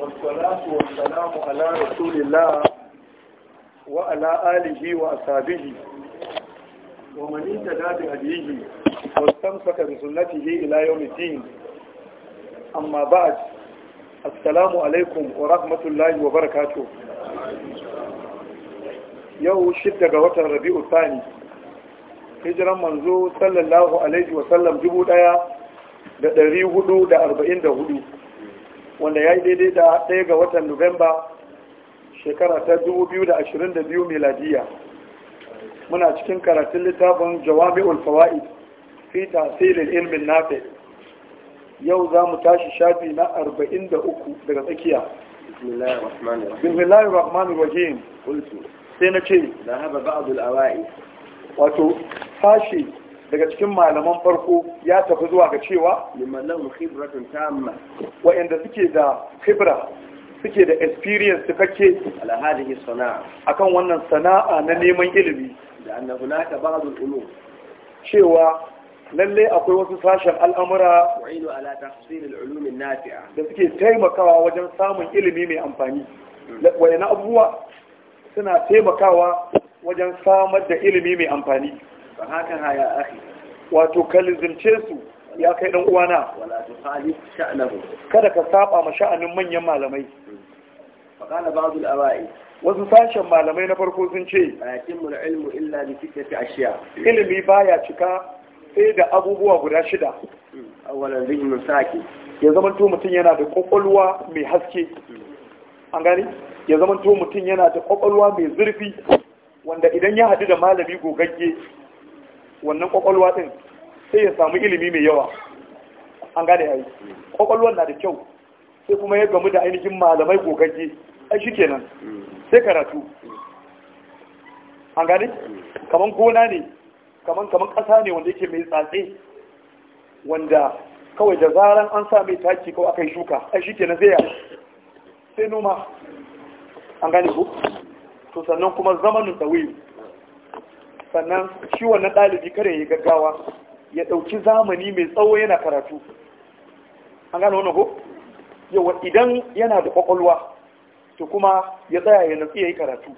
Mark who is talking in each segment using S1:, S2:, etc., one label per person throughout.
S1: والصلاة والسلام على رسول الله وعلى آله وأصحابه ومن اهتدى بهديه واستمسك بسنته يوم الدين بعد السلام عليكم الله وبركاته shidda ga watan Rabi'u Sani, hijiran manzo sallallahu alaihi wasallam dubu daya da dari hudu da arba'in da hudu wanda ya yi daidai da ɗaya ga watan nuwamba shekara ta 2022 meladiya muna cikin karatun littafin jawami'ul fawa'id fi tasirin ilmin nafi yau za mu tashi shafi na 43 daga tsakiya bismillahir rahmanir rahim sai na ce da haba ba'dul awai wato tashi daga cikin malaman farko ya tafi zuwa ga cewa limallahu khibratun wa'anda suke da khibra suke da experience cikakke ala sana'a akan wannan sana'a na neman ilimi da ulum cewa lallai akwai wasu sashen al'amura wa'inu ala nafia da suke taimakawa wajen samun ilimi mai amfani hmm. wa'ina abubuwa suna taimakawa wajen samar da ilimi mai amfani haka akhi wato kalizince su ya kai dan uwana wala sha'nahu kada ka saba ma sha'anin manyan malamai faqala ba'd al-awa'i wasu sashen malamai na farko sun ce ayatimul ilmu illa bi sittati ashiya ilmi baya cika sai da abubuwa guda shida awalan zihnun saki ya zama to mutum yana da kokolwa mai haske an gani ya zama to mutum yana da kokolwa mai zurfi wanda idan ya hadu da malami gogagge wannan kwakwalwa ɗin sai ya samu ilimi mai yawa an gane yi kwakwalwar na da kyau sai kuma ya gamu da ainihin malamai gogagge ai kenan sai karatu an gane kamar gona ne kamar ƙasa ne wanda yake mai tsatse wanda kawai da zaran an sa mai taki kawai aka yi shuka ai kenan sai ya sai noma an gane ku to sannan kuma zamanin tsawiyu sannan shi wannan ɗalibi kare ya gaggawa ya ɗauki zamani mai tsawo yana karatu an gano wani ko yawa idan yana da ƙwaƙwalwa to kuma ya tsaya ya natsi ya yi karatu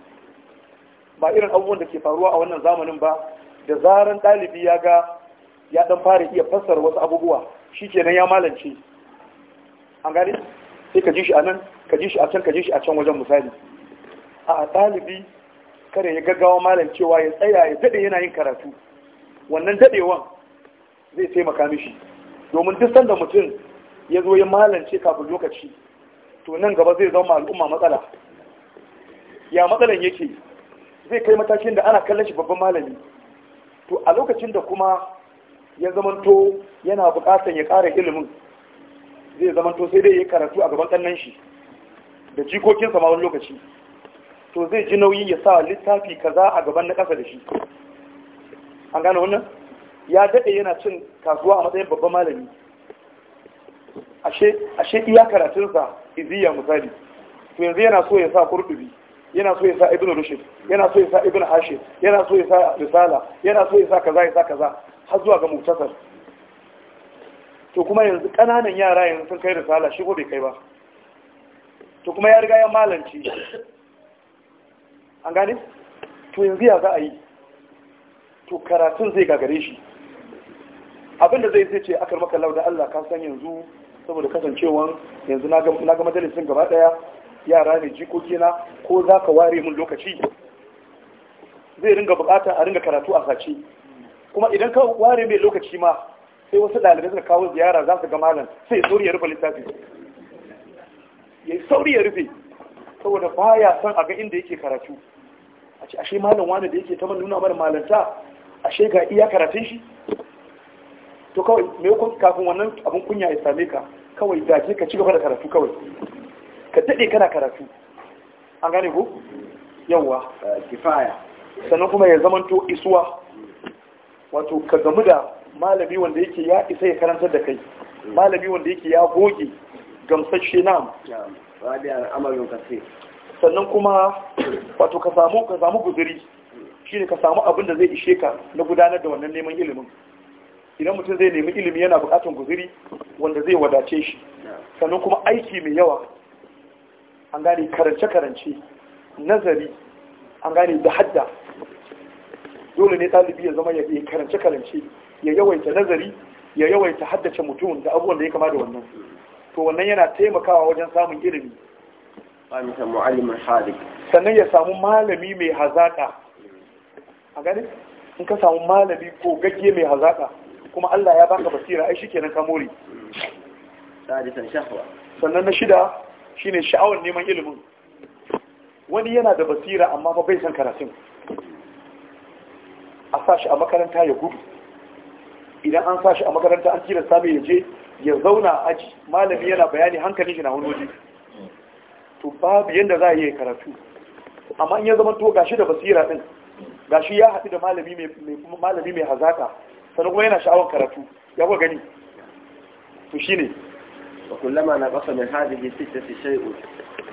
S1: ba irin abubuwan da ke faruwa a wannan zamanin ba da zaran ɗalibi ya ga ya ɗan fara iya fassara wasu abubuwa shi kenan ya malance an gane sai ka ji shi a nan ka ji shi a can ka ji shi a can wajen misali a ɗalibi kada ya gaggawa malam cewa ya tsaya ya daɗe yana yin karatu wannan daɗewan zai taimaka mishi domin duk sanda mutum ya zo ya malance kafin lokaci to nan gaba zai zama al'umma matsala ya matsalan yake zai kai matakin da ana kallon shi babban malami to a lokacin da kuma ya zamanto yana buƙatar ya ƙara ilimin zai zamanto sai dai ya karatu a gaban ƙannan shi da jikokinsa ma wani lokaci to zai ji nauyi ya sa littafi kaza a gaban na ƙasa da shi an gane wannan ya daɗe yana cin kasuwa a matsayin babban malami ashe iya karatunsa iziya misali to yanzu yana so ya sa kurdubi yana so ya sa ibn Rushe, yana so ya sa ibn hashim yana so ya sa risala yana so ya sa kaza ya sa kaza har zuwa ga muktasar to kuma yanzu ƙananan yara yanzu sun kai risala shi ko bai kai ba to kuma ya riga ya malanci an gane to yanzu ya za a yi to karatun zai gagare shi abinda zai zai ce akar maka lauda Allah ka san yanzu saboda kasancewan yanzu na ga majalisun gaba daya yara ne jikoki na ko za ka ware mun lokaci zai ringa bukata a ringa karatu a sace kuma idan ka ware mai lokaci ma sai wasu dalibai suka kawo ziyara za su ga malam sai sauri ya rufe littafi ya sauri ya rufe saboda baya son a ga inda yake karatu a ce ashe malam wani da yake ta nuna mana malanta ashe ga iya karatun shi to kawai me kun kafin wannan abin kunya ya same ka kawai da ke ka ci gaba da karatu kawai ka dade kana karatu an gane ko yawa eh, kifaya sannan kuma ya to isuwa wato ka gamu da malami wanda yake ya isa ya karantar da kai hmm. malami wanda yake ya goge gamsashe nam rabi'an amalin kasir sannan kuma wato ka samu ka samu guzuri shine ka samu abin da zai ishe ka na gudanar da wannan neman ilimin idan mutum zai nemi ilimi yana buƙatar guzuri wanda zai wadace shi sannan kuma aiki mai yawa an gane karance-karance nazari an gane da hadda dole ne ɗalibi ya zama ya karance-karance ya yawaita nazari ya yawaita haddace mutum da abubuwan da ya kama da wannan to wannan yana taimakawa wajen samun ilimi sannan ya samu malami mai hazaka a gani in ka samu malami ko gagge mai hazaka kuma Allah ya baka basira ai shikenan ka more sannan na shida shine sha'awar neman ilimin wani yana da basira amma fa bai san karatun a sa shi a makaranta ya gudu idan an sa shi a makaranta an kira mai ya je ya zauna aji malami yana bayani hankali shi na wani waje to babu yadda za a yi karatu amma in ya zama to gashi da basira din gashi ya haɗu da malami mai malami mai hazaka sannan kuma yana sha'awar karatu ya ga gani to shine wa kullama na qasa min hadhihi sittati shay'un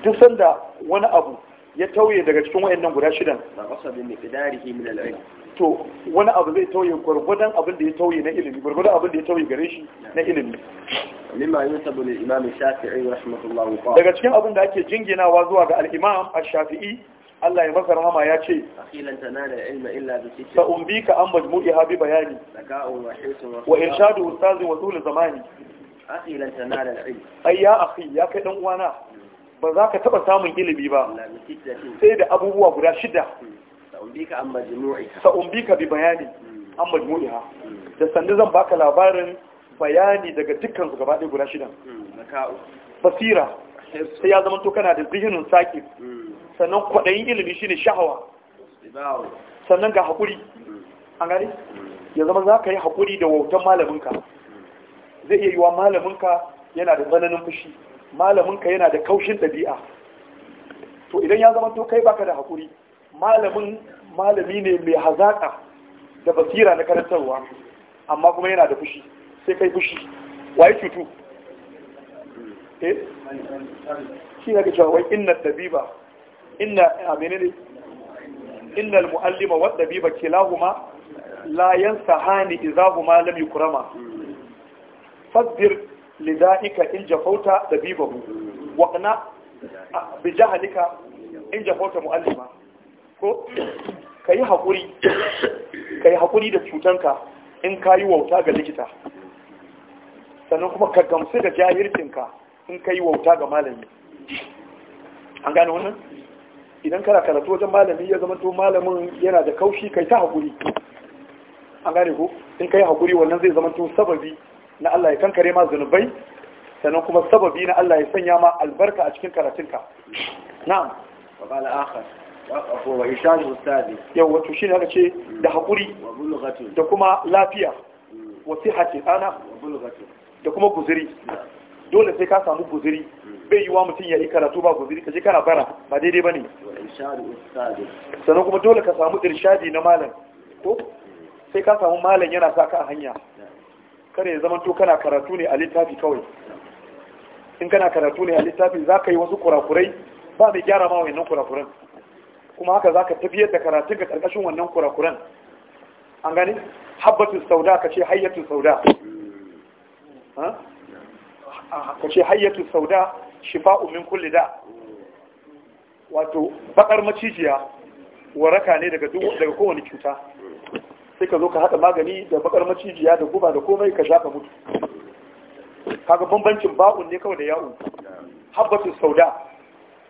S1: duk sanda wani abu ya tauye daga cikin wayannan guda shidan na qasa bi miqdarihi min al-ilm to wani abu zai tauye gurgudan abin da ya tauye na ilimi gurgudan abin da ya tauye gare shi na ilimi daga cikin abin da ake jinginawa zuwa ga al a shafii Allah ya masa rahama ya ce akilan tanala ilma bi an majmu'i habi bayani wa irshadu ustazi wa tul zamani ai ya afi ya kai ɗan uwana ba za ka taba samun ilimi ba sai da abubuwa guda shida sa ka bi bayani an ha hmm. da sanda zan baka labarin bayani daga dukkan su gaba ɗaya guda shidan hmm, basira sai ya zama to kana da zihinin saki hmm. sannan kwaɗayin ilimi shine shahawa sannan ga haƙuri hmm. an gani ya zama za ka yi haƙuri da wautan malaminka zai iya yiwa malaminka yana da tsananin fushi malaminka yana da kaushin ɗabi'a to idan ya zama to kai baka da haƙuri malamin malami ne mai hazaƙa da basira na karantarwa amma kuma yana da fushi sai kai fushi waye cutu eh shi ne ga cewa wai inna dabiba inna a menene inna al-muallima wa dabiba kilahuma la hani idahuma lam yukrama fadbir lida'ika in jafauta dabibahu wa qna bi jahlika in jafauta muallima ko kai hakuri kai hakuri da cutanka in kayi wauta ga likita sannan kuma ka gamsu da jahircinka in ka yi wauta ga malami an gane wannan idan kana karatu wajen malami ya zama to malamin yana da kaushi kai ta haƙuri an gane ko in kai haƙuri wannan zai zama to sababi na Allah ya kankare ma zunubai sannan kuma sababi na Allah ya sanya ma albarka a cikin karatunka na'am wa bala akhar wa ishanu ustadi yau wato ne aka ce da haƙuri da kuma lafiya mm. wa sihhati ana wa da kuma guziri dole sai ka samu guziri bai wa mutum ya yi karatu ba ka je kana bara ba daidai ba ne. sannan kuma dole ka samu irshadi na malam ko sai ka samu malam yana sa ka a hanya kare ya zama to kana karatu ne a littafi kawai in kana karatu ne a littafi za ka yi wasu kurakurai ba mai gyara ma wannan kurakuran kuma haka za ka tafiyar da karatun ka karkashin wannan kurakuran an gani habbatu sauda ka ce hayyatu sauda ka ce hayyatu sauda shifa umin kulle da wato bakar macijiya waraka ne daga kowane cuta sai ka zo ka haɗa magani da bakar macijiya da guba da komai ka shafa mutu kaga bambancin ba'un ne kawai da ya'un habbatu sauda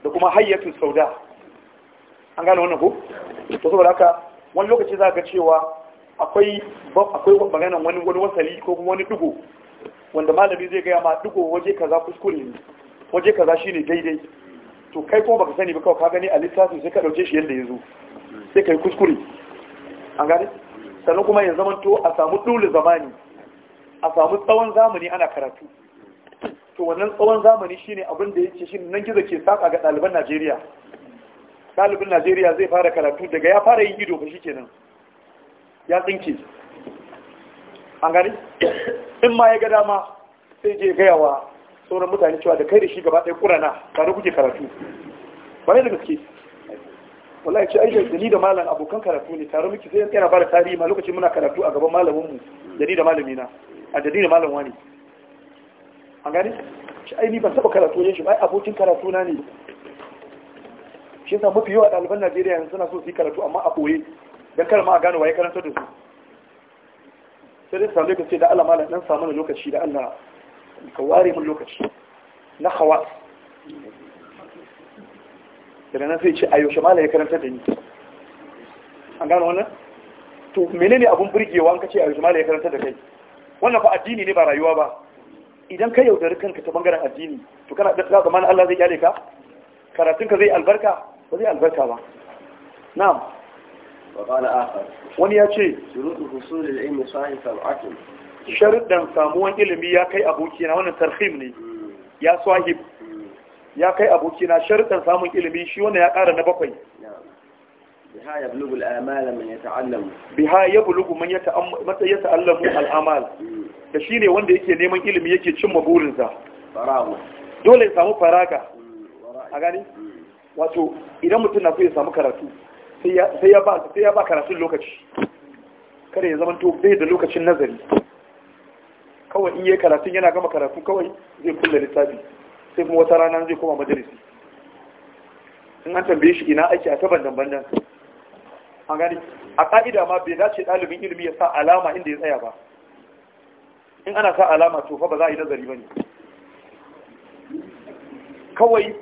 S1: da kuma hayyatu sauda an gane wannan ko to saboda haka wani lokaci za ga cewa akwai maganan wani wani wasali ko kuma wani dugo wanda malami zai gaya ma duko waje kaza kuskure ne waje kaza shine daidai to kai kuma baka sani ba kawai ka gani a littafin sai ka dauke shi yanda yazo sai kai kuskure an gane sannan kuma ya zama to a samu dole zamani a samu tsawon zamani ana karatu to wannan tsawon zamani shine abin da yake shi nan gizo ke saka ga ɗaliban Najeriya ɗalibin Najeriya zai fara karatu daga ya fara yin ido ba shikenan ya tsinke an gani in ma ya ga dama sai je gaya wa sauran mutane cewa da kai da shi gaba ɗaya ƙurana tare kuke karatu ba da gaske wallahi ce ai da ni da malam abokan karatu ne tare muke sai yana bada tarihi ma lokacin muna karatu a gaban malamin mu da ni da malami na a da ni da malam wani an gani shi ai ni ban saba karatu ne shi ba abokin karatu na ne shi yasa mafi yawa ɗaliban Najeriya yanzu suna so su yi karatu amma a ɓoye don kar ma a gane waye karanta da su sai dai same lokaci da Allah malam dan samu lokaci da Allah ka ware mun lokaci na hawa daga nan sai ce a yaushe malam ya karanta da ni an gano wannan to menene abun burgewa an kace a yaushe malam ya karanta da kai wannan fa addini ne ba rayuwa ba idan ka yaudari kanka ta bangaren addini to kana da zamanin Allah zai kyale ka karatun ka zai albarka ba zai albarka ba na'am وقال آخر وني أشي شروط حصول العلم صحيح العقل شرطا ساموان علمي يا كي أبوكينا وانا ترخيمني يا صاحب يا كي أبوكينا شرطا ساموان علمي شي وانا يا قارن بقي بها يبلغ الآمال من يتعلم بها يبلغ من يتعلم الآمال da shi ne wanda yake neman ilimi yake cimma burinsa dole ya samu faraga a gani wato idan mutum na so ya samu karatu sai ya ba karatun lokaci kada ya zama to bai da lokacin nazari kawai in yi karatun yana gama karatu kawai zai kulle littafi sai kuma wata rana zai koma majalisi in an tambaye shi ina aiki a ta bandan-bandan an gani a ka'ida ma bai dace ɗalibin ilimi ya sa alama inda ya tsaya ba in ana sa alama to fa ba za a yi nazari ba ne kawai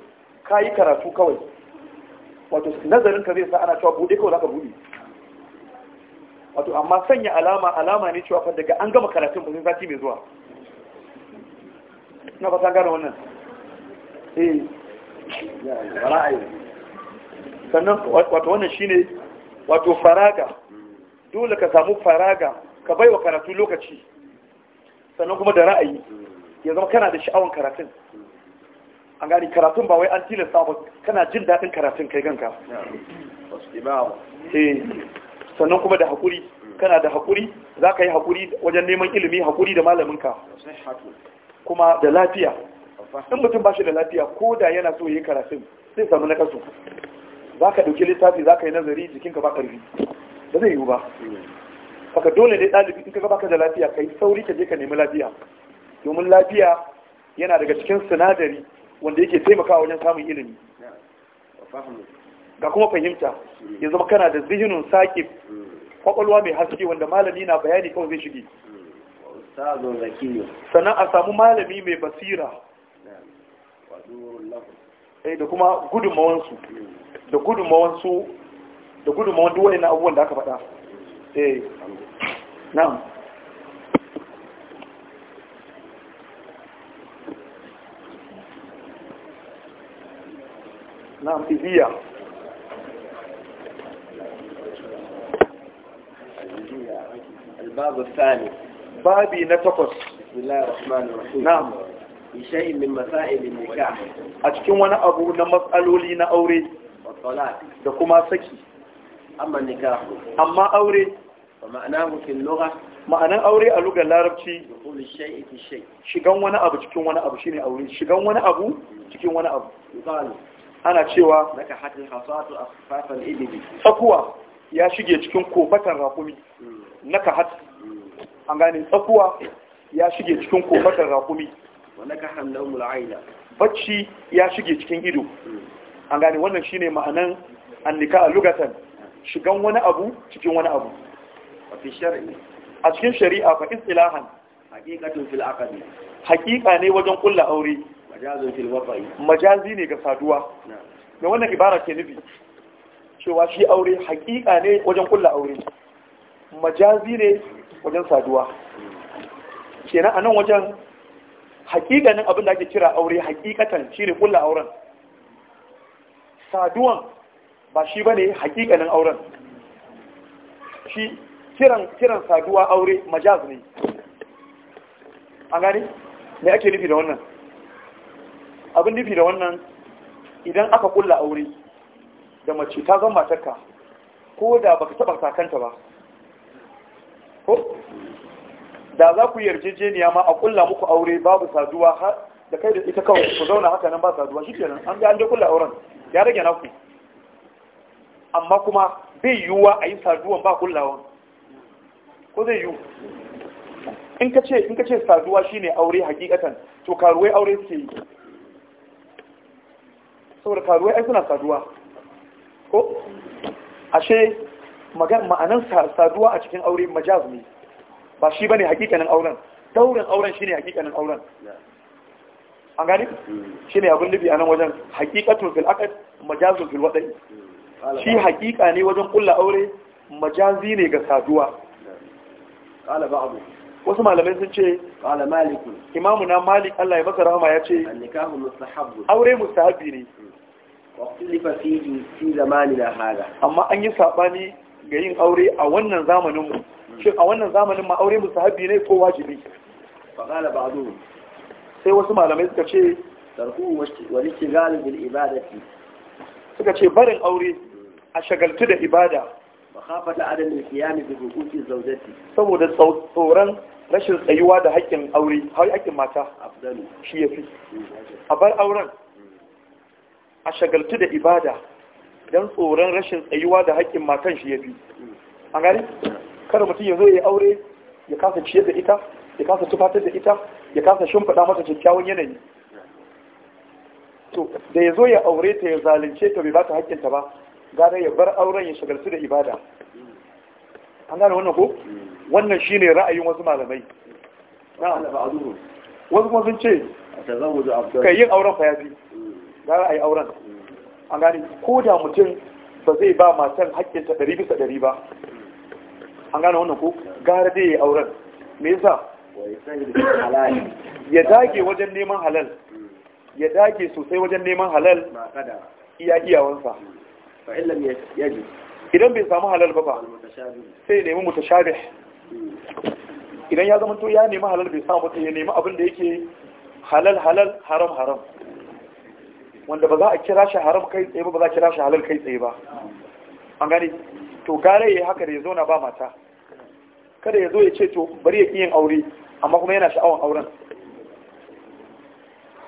S1: ka yi karatu kawai wato nazarin ka zai sa ana cewa bude kawai zaka bude wato amma sanya alama alama ne cewa fa daga an gama karatun ba sai sati mai zuwa na fata gane wannan eh ra'ayi sannan wato wannan shine wato faraga dole ka samu faraga ka baiwa karatu lokaci sannan kuma da ra'ayi ya zama kana da sha'awan karatun an gani karatun ba wai an tilasta ba kana jin daɗin karatun kai ganka eh, sannan kuma da haƙuri kana da haƙuri za ka yi haƙuri wajen neman ilimi haƙuri da malaminka kuma da lafiya in mutum ba shi da lafiya ko da yana so yi karatun sai samu na kasu za ka ɗauki littafi za ka yi nazari jikinka ba ƙarfi ba zai yiwu ba haka dole ne ɗalibi in ka ka da lafiya ka yi sauri ka je ka nemi lafiya domin lafiya yana daga cikin sinadari wanda yake taimakawa wajen samun ilimi ga kuma fahimta ya zama kana da zihinun saƙi kwakwalwa mai haske wanda malami na bayani kawai zai shige sannan a samu malami mai basira eh, da kuma gudunmawansu da gudunmawansu da gudunmawan duwaye na abubuwan da aka faɗa eh, na'am na amfibiya albabu sani babi na takwas na'am ishayi min masa'ilin nika a cikin wani abu na matsaloli na aure da kuma saki amma nika amma aure ma'anar aure a lugar larabci shigan wani abu cikin wani abu shi ne aure shigan wani abu cikin wani abu ana cewa daga hatin hasatu asfafal ilimi tsakuwa ya shige cikin kofatan rakumi hmm. naka hat hmm. an gane tsakuwa ya shige cikin kofatan rakumi naka hannamul aina bacci ya shige cikin ido hmm. an gane wannan shine ma'anan annika a lugatan shigan wani abu cikin wani abu a cikin shari'a fa istilahan haqiqatun fil aqd haqiqa ne wajen kulla aure majazi ne ga saduwa da wannan ibara ke nufi cewa shi aure hakika ne wajen kulla aure majazi ne wajen saduwa kenan anan wajen hakikanin abin da ake kira aure hakikatan shi ne kulla auren saduwan ba shi ba ne hakikanin auren shi kiran saduwa aure majaz ne an gani me ake nufi da wannan abin nufi da wannan idan aka kulla aure da mace ta zama matarka ko da baka taba sakanta ba ko da za ku yarjejeniya ma a kulla muku aure babu saduwa har da kai da ita kawai ku zauna haka nan ba saduwa shikenan an ga an da kulla auren ya rage naku amma kuma bai yiwuwa a yi saduwan ba kullawan ko zai yiwu in ka ce saduwa shine aure hakikatan to karuwai aure suke yi saboda karuwai ai suna saduwa ko ashe magan saduwa a cikin aure majaz ne ba shi bane hakikanin auren daurin auren shine hakikanin auren an gani hmm. shine abin libi a nan wajen hakikatun fil aqd majazun fil wada'i hmm. shi hakika ne wajen kulla aure majazi ne ga saduwa qala ba'd wasu malamai sun ce qala malik imamu na malik Allah ya masa rahama ya ce nikahu mustahabbu aure mustahabi ne hmm. wakulifa fiji fi zamani na hada amma an yi saɓani ga yin aure a wannan zamanin mu shin a wannan zamanin ma aure musahabi ne ko wajibi faƙala ba zuwa sai wasu malamai suka ce tarku wani shigali bil ibadati suka ce barin aure a shagaltu da ibada makhafata adalin siyami bi hukuki zaujati saboda tsoron rashin tsayuwa da haƙƙin aure haƙƙin mata shi yafi a bar auren a shagaltu da ibada don tsoron rashin tsayuwa da haƙƙin matan shi ya fi A gani kada mutum ya zo ya aure ya kasa ciyar da ita ya kasa tufatar da ita ya kasa shimfiɗa mata kyakkyawan yanayi to da ya zo ya aure ta ya zalunce ta bai ba ta haƙƙinta ba Gane ya bar auren ya shagaltu da ibada an gane wannan ko wannan shine ra'ayin wasu malamai wasu kuma sun ce ka yin auren fa ya fi gara a yi auren an gane ko da mutum ba zai ba matan haƙƙinta ɗari bisa ɗari ba an gane wannan ko gara dai ya yi auren me yasa ya dage wajen neman halal ya dage sosai wajen neman halal iya iyawansa idan bai samu halal ba ba sai nemi mutashabih idan ya zama to ya nemi halal bai samu ba ya nemi abin da yake halal halal haram haram wanda ba za a kira shi haram kai tsaye ba ba za a kira shi halal kai tsaye ba an gane to gare ya haka da ya zo na ba mata kada ya zo ya ce to bari ya yin aure amma kuma yana sha'awan auren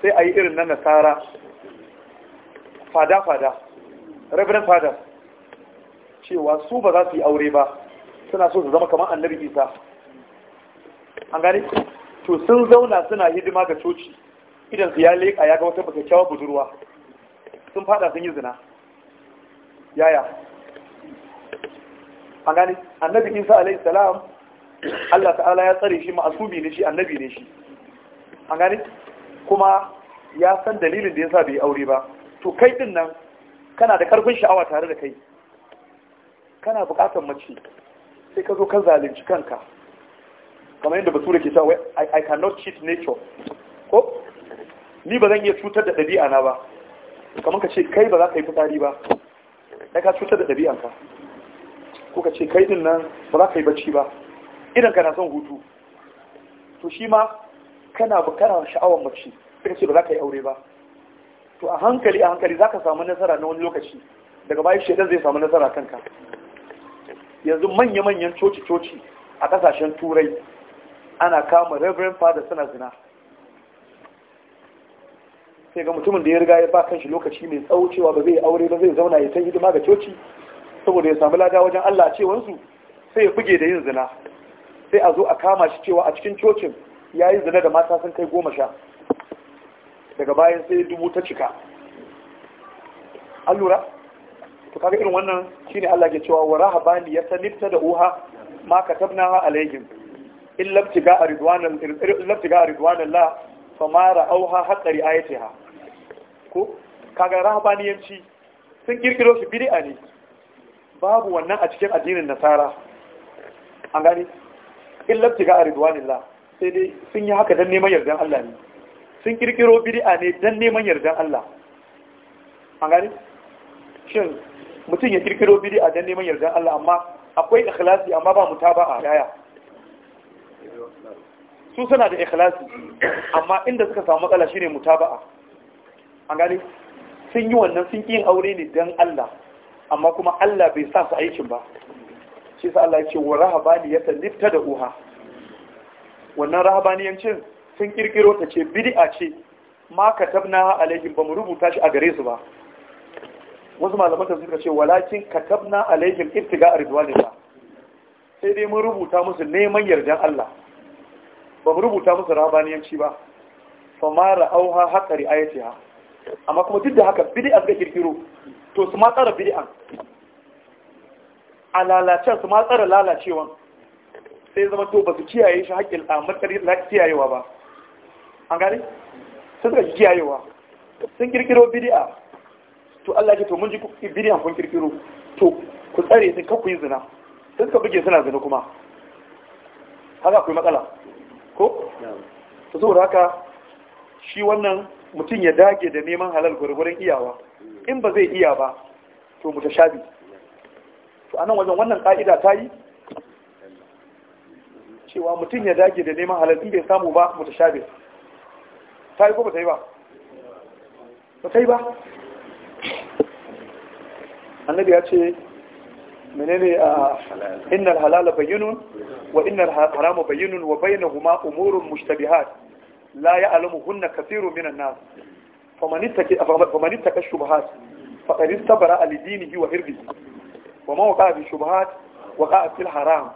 S1: sai a yi irin na nasara fada-fada reverend fada cewa su ba za su yi aure ba suna so su zama kamar annabi isa an gane to sun zauna suna hidima ga coci idan su ya leƙa ya ga wata kyakkyawar budurwa sun fada sun yi zina yaya an gani annabi isa alaihi salam Allah ta'ala ya tsare shi ma'asubi ne shi annabi ne shi an gani kuma ya san dalilin da ya sa bai aure ba to kai din nan kana da karfin sha'awa tare da kai kana bukatar mace sai ka zo ka zalunci kanka kamar yadda basura ke cewa I, I cannot cheat nature ko ni ba zan iya cutar da ɗabi'a na ba kamar ka ce kai ba za ka yi fitari ba na ka cutar da ɗabi'anka ko ka ce kai din nan ba za ka yi bacci ba idan ka na son hutu to shi ma kana bukara sha'awar mace sai ce ba za ka yi aure ba to a hankali a hankali za ka samu nasara na wani lokaci daga bayan shaidan zai samu nasara kanka yanzu manya-manyan coci-coci a kasashen turai ana kama reverend father suna zina sai ga mutumin da ya riga ya ba kanshi lokaci mai tsawo cewa ba zai aure ba zai zauna ya ta hidima ga coci saboda ya samu lada wajen Allah cewansu sai ya buge da yin zina sai a zo a kama shi cewa a cikin cocin ya yi zina da mata sun kai goma sha daga bayan sai dubu ta cika an lura to kaga irin wannan shine Allah ke cewa wa rahabani ya sanifta da uha ma katabnaha alaihim in labtiga ridwanan in labtiga ridwanan la fa ma ra'awha haqqa ri'ayatiha ko kaga rahabaniyanci sun kirkiro shi bid'a ne babu wannan a cikin addinin nasara an gani illabti ga ridwanillah sai dai sun yi haka dan neman yardan Allah ne sun kirkiro bid'a ne dan neman yardan Allah an gani shin mutum ya kirkiro bid'a dan neman yardan Allah amma akwai ikhlasi amma ba mutaba'a yaya su suna da ikhlasi amma inda suka samu matsala shine mutaba'a an gane sun yi wannan sun yin aure ne don Allah amma kuma Allah bai sa su aikin ba shi sa Allah ce wa ta lifta da uha wannan rahabaniyancin sun kirkiro ta ce bid'a ce ma ka tabna alaihim ba mu rubuta shi a gare su ba wasu malaman tafsir suka ce walakin katabna alaihim ibtiga ba sai dai mun rubuta musu neman yardan Allah ba mu rubuta musu rahabaniyanci ba fa ma a haqa ri'ayatiha amma kuma duk da haka bid'a suka kirkiro to su ma tsara a lalacen su ma tsara lalacewan sai zama to ba su kiyaye shi haƙƙin a haƙƙi kiyayewa ba an gani sai suka kiyayewa sun kirkiro bid'a to Allah ke to mun ji bid'an kun kirkiro to ku tsare sun kakku yi zina sai suka buge suna zina kuma haka akwai matsala ko? to saboda haka shi wannan mutum ya dage da neman halal gwargwarin iyawa in ba zai iya ba to mu ta shabi to anan wajen wannan ka'ida ta yi cewa mutum ya dage da neman halal in bai samu ba mu ta shabi ta yi ko ba ta yi ba ba ta yi ba annabi ya ce menene a ah, innal halala bayyinun wa innal harama bayyinun wa bainahuma umurun mushtabihat لا ya'lamuhunna kathirun minan nas faman ittaka shubuhat faqad istabara li dinihi wa irdihi wa man waqa bi shubuhat waqa fil haram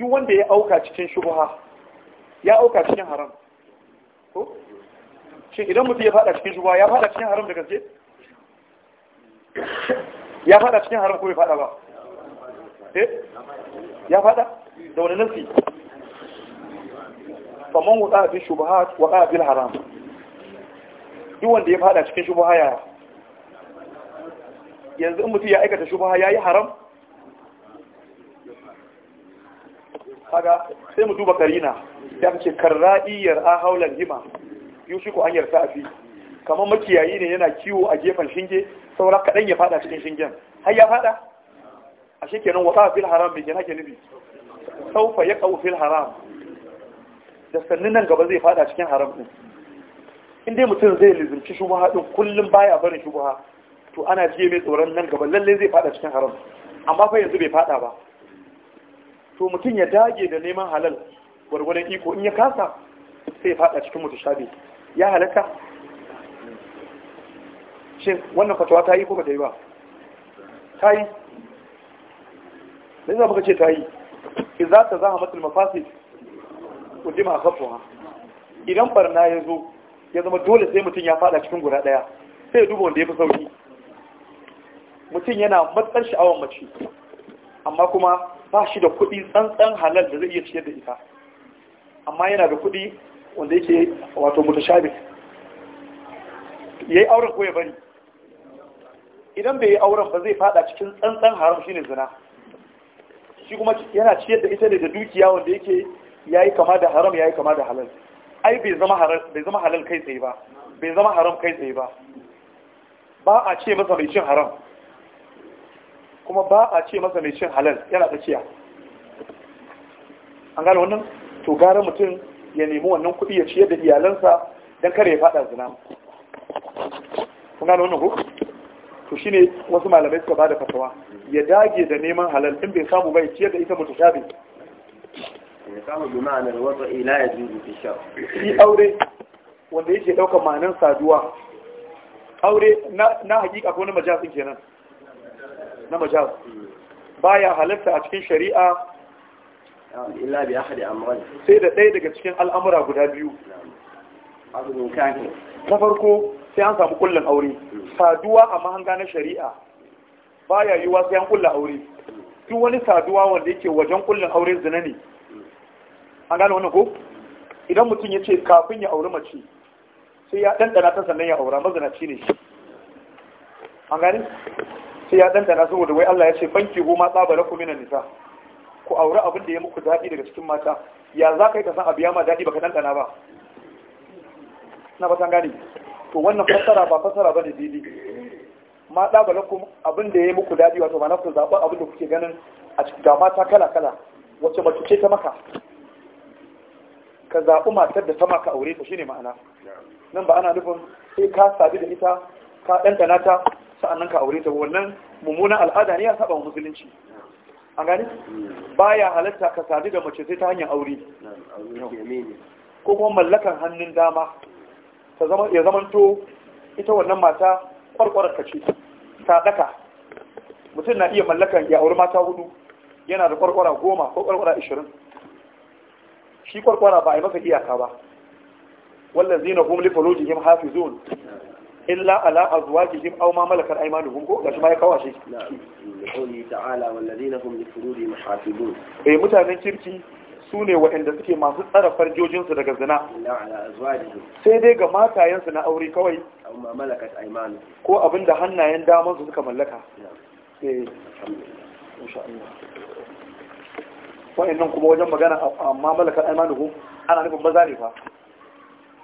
S1: duk wanda ya auka cikin shubuha ya auka cikin haram ko shi idan mutum ya fada cikin ya fada cikin haram da gaske ya fada cikin haram ko bai fada ba eh ya fada da wani nasi faman wuɗa fi shubaha wa ƙafil haram duk wanda ya fada cikin shubaha ya yanzu in mutum ya aikata shubaha ya yi haram haga sai mu duba karina ya ce karra'iyar a haular hima shi ko an yarta a fi kamar makiyayi ne yana kiwo a gefen shinge saura kaɗan ya fada cikin shingen har ya fada a shekenan wata fil haram bai gina ke nufi saufa ya ƙau fil haram da sannin nan gaba zai fada cikin haram din in dai mutum zai lizinci shubuha din kullum baya barin shubuha to ana jiye mai tsoron nan gaba lalle zai fada cikin haram amma fa yanzu bai fada ba to mutum ya dage da neman halal gwargwadon iko in ya kasa sai fada cikin mutashabi ya halaka shin wannan fatawa ta yi ko ba ta yi ba ta yi da za muka ce ta yi idza tazahamat al mafasid kudima kafuwa idan barna ya zo ya zama dole sai mutum ya fada cikin guda daya sai duba wanda ya fi sauki mutum yana matsar sha'awar mace amma kuma ba shi da kuɗi tsantsan halal da zai iya ciyar da ita amma yana da kuɗi wanda yake wato Ya yayi auren ko ya bari idan bai yi auren ba zai fada cikin tsantsan haram shine zina shi kuma yana ciyar da ita ne da dukiya wanda yake ya yi kama da haram ya yi kama da halal ai bai zama halal kai tsaye ba bai zama haram kai tsaye ba ba a ce masa mai cin haram kuma ba a ce masa mai cin halal yana tsakiya an gane wannan to gara mutum ya nemi wannan kuɗi ya ciyar da iyalansa don kare ya faɗa zina kun gane wannan ko to shine wasu malamai suka bada fatawa ya dage da neman halal in bai samu bai ciyar da ita mutashabi nikahu bi ma'ana wata ila ya juzu fi shar shi aure wanda yake dauka ma'anan saduwa aure na hakika ko na majasin kenan na majaz baya halatta a cikin shari'a illa bi ahadi amran sai da ɗaya daga cikin al'amura guda biyu azumin na farko sai an samu kullun aure saduwa a mahanga na shari'a baya yiwa sai an kullun aure duk wani saduwa wanda yake wajen kullun aure zina ne an gane wani ko idan mutum ya ce kafin ya auri mace sai ya ɗanɗana ta sannan ya aura ci ne an gane sai ya ɗanɗana saboda wai Allah ya ce banki ma tsabara ku minan nisa ku aure abin da ya muku daɗi daga cikin mata ya za ka yi ka san abu ya ma daɗi baka ɗanɗana ba na ba gane to wannan fassara ba fassara ba ne daidai ma ɗabala ku abin da ya muku daɗi wato ma na ku zaɓa abin da kuke ganin a cikin mata kala kala wacce mace ce ta maka ka zaɓi matar da sama ka aure ta shine ma'ana nan ba ana nufin sai ka sabi da ita ka ɗanɗana ta sa'annan ka aure ta wannan mummunan al'ada ne ya saba wa musulunci an gani baya halatta ka sabi da mace sai ta hanyar aure ko kuma mallakan hannun dama ya zamanto ita wannan mata kwarkwarar ka ce ta daka mutum na iya mallakan ya auri mata hudu yana da kwarkwara goma ko kwarkwara ashirin shi kwarkwara ba a yi masa iyaka ba wallan zina hum li furujihim hafizun illa ala azwajihim aw ma malakat aymanuhum ko gashi ma ya kawo shi qawli eh mutanen kirki su ne waɗanda suke masu tsara farjojinsu daga zina sai dai ga matayensu na aure kawai ko abin da hannayen damansu suka mallaka wa'annan kuma wajen magana amma malakar aimanuhu ana nufin ba za ne fa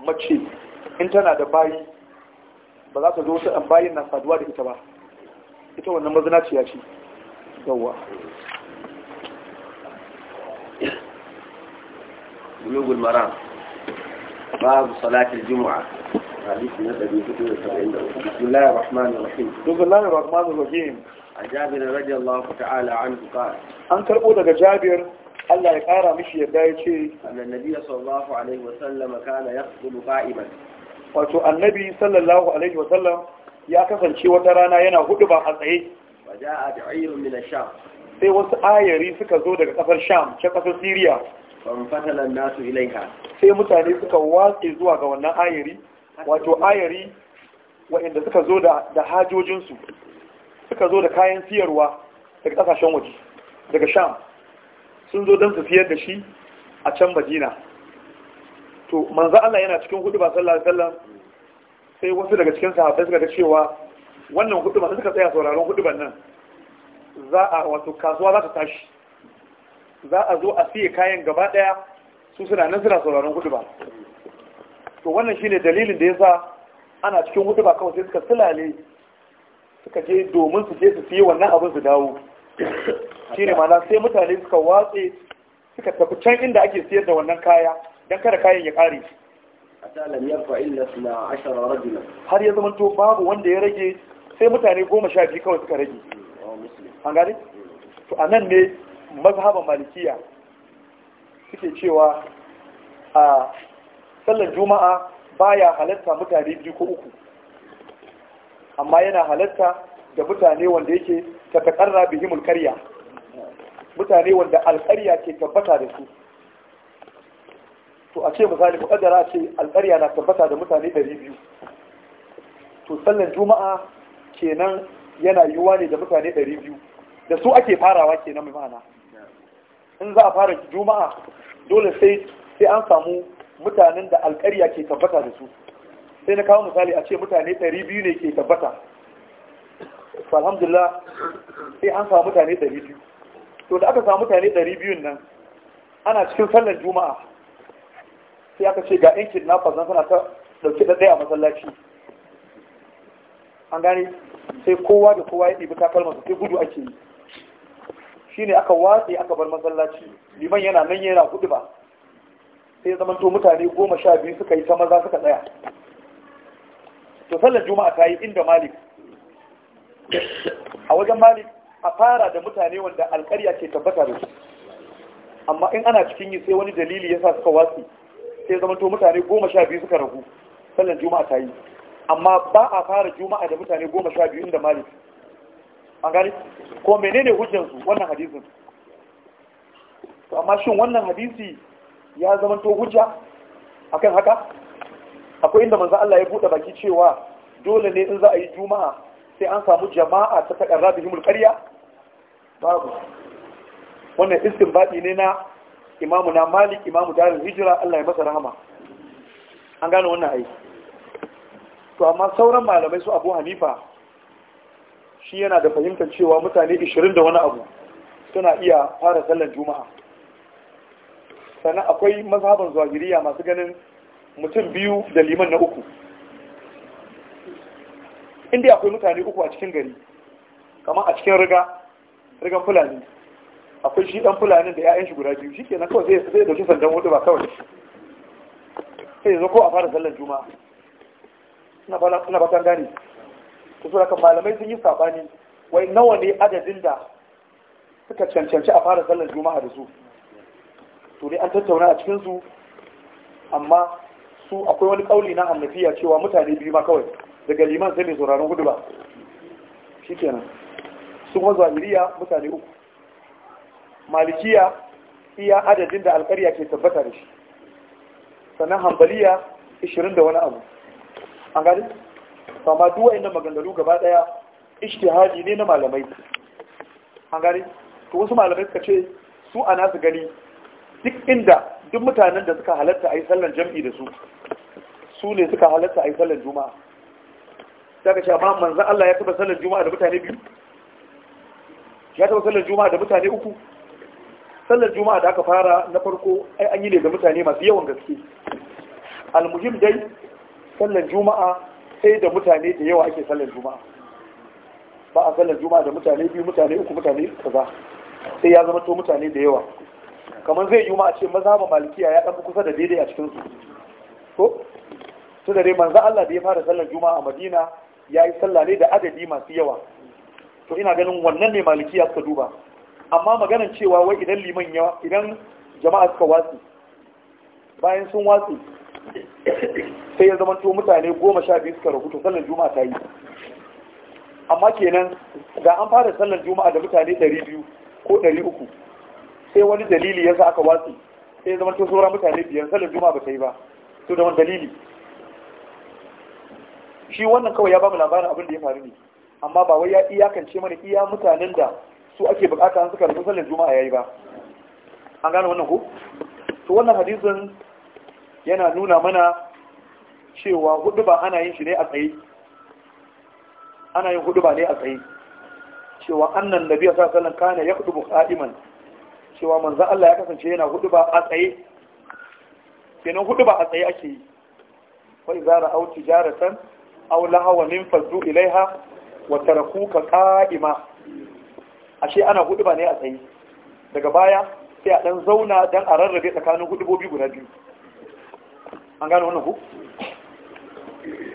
S1: mace in tana da bayi ba za ta zo su bayin na faduwa da ita ba ita wannan mazina ce ya ce yawwa
S2: bulogun mara babu salatin juma'a hadisi na 1473 bismillahir rahmanir rahim
S1: bismillahir rahmanir rahim عن جابر رضي الله تعالى عنه قال An تربو daga جابر Allah ya kara mishi yadda ya ce annabi sallallahu alaihi wa sallam kana yaqulu qa'iman wato annabi sallallahu alaihi wa sallam ya kasance wata rana yana hudu ba a tsaye waja'a da'irun min ash-sham sai wasu ayari suka zo daga kafar sham ta kasar siriya Ban fatala nasu ilaiha sai mutane suka watse zuwa ga wannan ayari wato ayari waɗanda suka zo da hajojinsu suka zo da kayan siyarwa daga kasashen waje daga sham sun zo don su siyar da shi a can madina to manzo Allah yana cikin hudu ba sallallahu alaihi wasallam sai wasu daga cikin sahabbai suka ga cewa wannan hudu ba suka tsaya sauraron hudu nan za a wato kasuwa za ta tashi za a zo a siye kayan gaba daya su suna nan suna sauraron hudu ba to wannan shine dalilin da yasa ana cikin hudu ba kawai sai suka sulale suka je domin su je su fiye wannan abin su dawo shi ne mana sai mutane suka watse suka tafi can inda ake siyar da wannan kaya don kada kayan ya kare har ya zama to babu wanda ya rage sai mutane goma sha biyu kawai suka rage an gane to a nan ne mazhaban malikiya suke cewa a sallar juma'a baya halatta mutane biyu ko uku amma yana halatta da mutane wanda yake ta takarra bihimul karya mutane wanda alƙarya ke tabbata da su to a ce misali muƙaddara ce alƙarya na tabbata da mutane ɗari biyu to sallan juma'a kenan yana yiwuwa ne da mutane ɗari biyu da su ake farawa kenan mai ma'ana in za a fara juma'a dole sai sai an samu mutanen da alƙarya ke tabbata da su sai na kawo misali a ce mutane 200 ne ke tabbata alhamdulillah sai an samu mutane 200 to da aka samu mutane 200 nan ana cikin sallar juma'a sai aka ce ga yankin na nan suna ta dauke da daya a masallaci an gane sai kowa da kowa ya ɗibi su sai gudu ake yi Shi ne aka watsi aka bar masallaci liman yana nan yana hudu ba sai zama to mutane goma sha biyu suka yi ta maza suka tsaya to sallar juma'a ta yi inda malik a wajen malik a fara da mutane wanda alƙarya ke tabbata da su amma in ana cikin yi sai wani dalili ya sa suka watsi sai zama to mutane goma sha biyu suka ragu sallar juma'a ta yi amma ba a fara juma'a da mutane goma sha biyu inda malik an gani ko menene hujjansu wannan hadisin to amma shin wannan hadisi ya zama to hujja akan haka akwai inda manzo Allah ya bude baki cewa dole ne in za a yi juma'a sai an samu jama'a ta takarra da himul qarya babu wannan istinbadi ne na imamu na malik imamu darul hijira Allah ya masa rahama an gane wannan aiki to amma sauran malamai su abu hanifa shi yana da fahimtar cewa mutane 20 da wani abu suna iya fara sallar juma'a sannan akwai mazhaban zahiriya masu ganin mutum biyu da liman na uku inda akwai mutane uku a cikin gari kamar a cikin riga rigan fulani akwai shi dan fulani da 'ya'yan shi guda biyu shi kenan kawai zai zai dauki sandan hudu ba kawai sai yanzu ko a fara sallar juma'a ina ba ina ba gani to kan malamai sun yi sabani wai nawa ne adadin da suka cancanci a fara sallar juma'a da su to dai an tattauna a cikin su amma su akwai wani kauli na annabiya cewa mutane biyu ma kawai daga liman sai mai sauraron hudu ba shikenan su kuma zahiriya mutane uku malikiya iya adadin da alƙarya ke tabbata da shi sannan hambaliya 20 da wani abu an gani ma duwa inda maganganu gaba daya ishtihadi ne na malamai an gani to wasu malamai suka ce su ana su gani duk inda duk mutanen da suka halatta a yi sallar jam'i da su su ne suka halatta a yi sallar juma'a ta ga shaba manzan Allah ya taba sallar juma'a da mutane biyu ya taba sallar juma'a da mutane uku sallar juma'a da aka fara na farko ai an yi ne da mutane masu yawan gaske almuhim dai sallar juma'a sai da mutane da yawa ake sallar juma'a ba a sallar juma'a da mutane biyu mutane uku mutane kaza sai ya zama to mutane da yawa kamar zai yi ma a ce mazhabin malikiya ya ɗafi kusa da daidai a cikin su ko su da dai manzan Allah da ya fara sallar juma'a a Madina ya yi sallah ne da adadi masu yawa to ina ganin wannan ne malikiya suka duba amma maganar cewa wai idan liman yawa idan jama'a suka watsi bayan sun watsi sai ya zama to mutane goma sha biyu suka rahoto sallar juma'a ta yi amma kenan da an fara sallar juma'a da mutane ɗari biyu ko ɗari uku sai wani dalili yasa aka watsi sai zama cikin sauran mutane biyan salin juma'a ba ta yi ba su da wani dalili shi wannan kawai ya ba mu labarin abin da ya faru ne amma ba wai ya iyakance mana iya mutanen da su ake bukata an suka rufe juma juma'a yayi ba an gane wannan ko to wannan hadisin yana nuna mana cewa hudu ba ana yin shi ne a tsaye ana yin hudu ba ne a tsaye cewa annan nabi sallallahu alaihi wasallam kana yakhdubu qa'iman cewa manzan Allah ya kasance yana hudu ba a tsaye kenan hudu ba a tsaye ake yi wai zara auki jaratan au lahawa min faddu ilaiha wa ka ka'ima ashe ana hudu ba ne a tsaye daga baya sai a dan zauna dan a rarrabe tsakanin bobi guda biyu an gane wannan ku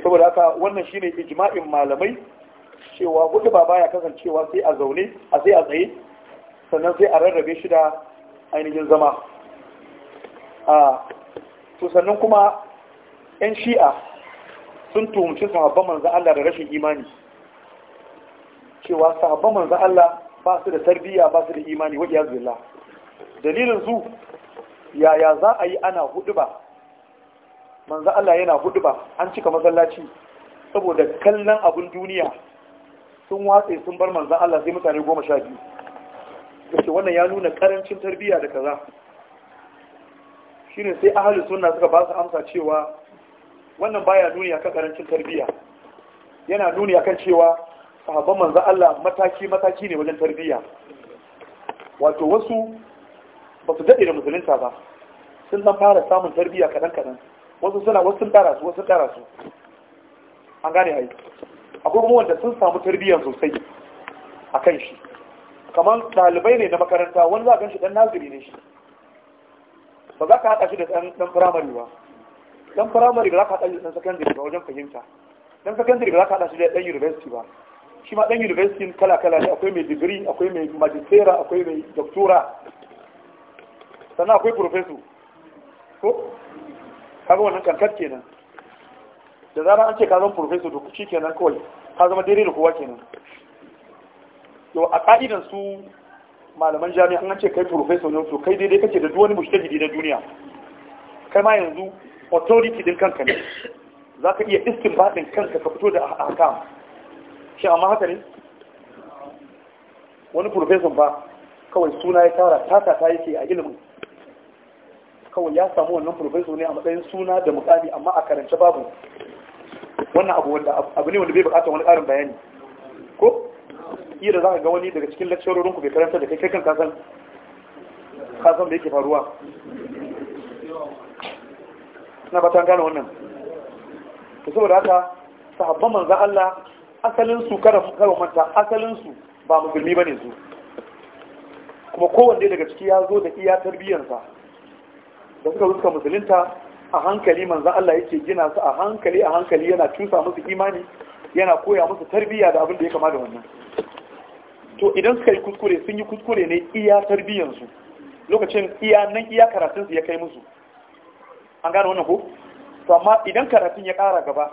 S1: saboda haka wannan shine ijma'in malamai cewa hudu ba baya kasancewa sai a zaune a sai a tsaye sannan zai a rarrabe shi da ainihin zama a to sannan kuma 'yan shi'a sun tumci sahabban manzan Allah da rashin imani cewa sahabban manzan Allah ba su da tarbiyya ba su da imani wajen yanzu. dalilin su yaya za a yi ana hudu ba manzan Allah yana hudu ba an cika masallaci saboda kallon abin duniya sun watsa sun bar manzan Allah sai mutane goma sha biyu suka wannan ya nuna karancin tarbiyya da kaza shine sai ahli sunna suka ba su amsa cewa wannan baya nuni akan karancin tarbiyya yana nuni akan cewa sahabban manzo Allah mataki mataki ne wajen tarbiyya wato wasu ba su daɗe da musulunta ba sun dan fara samun tarbiyya kaɗan kaɗan wasu suna wasu sun tara su wasu tara su an gane ai akwai kuma wanda sun samu tarbiyyar sosai a kan shi kamar ɗalibai ne na makaranta wani za a ganshi ɗan naziri ne shi ba za ka haɗa shi da ɗan firamare ba ɗan firamare ba za ka haɗa shi da ɗan sakandare ba wajen fahimta ɗan sakandare ba za ka haɗa shi da ɗan university ba shi ma ɗan university kala-kala ne akwai mai digiri akwai mai majistera akwai mai doktora sannan akwai profeso ko kaga wannan kankar kenan da zarar an ce ka zama profeso to shi kenan kawai ka zama daidai da kowa kenan to a ka'idan su malaman jami'a an ce kai professor ne to kai daidai kake da duk wani mushtahidi na duniya kai ma yanzu authority din kanka ne za ka iya iskin baɗin kanka ka fito da ahkam shi amma haka ne wani professor ba kawai suna ya tara tata ta yake a ilimin kawai ya samu wannan professor ne a matsayin suna da mukami amma a karance babu wannan abu wanda abu ne wanda bai bukata wani karin bayani ko ira za ka ga wani daga cikin lakcarorinku bai karanta da kai kai kan kasan kasan da yake faruwa na ba ta gane wannan to saboda haka sahabban manzan Allah asalin su kada manta asalin su ba musulmi bane su kuma kowanne daga ciki ya zo da iya tarbiyyarsa da suka zo musulunta a hankali manzan Allah yake gina su a hankali a hankali yana cusa musu imani yana koya musu tarbiya da abin da ya kama da wannan to idan suka yi kuskure sun yi kuskure ne iya tarbiyyansu lokacin iya nan iya karatun su ya kai musu an gane wannan ko to amma idan karatun ya ƙara gaba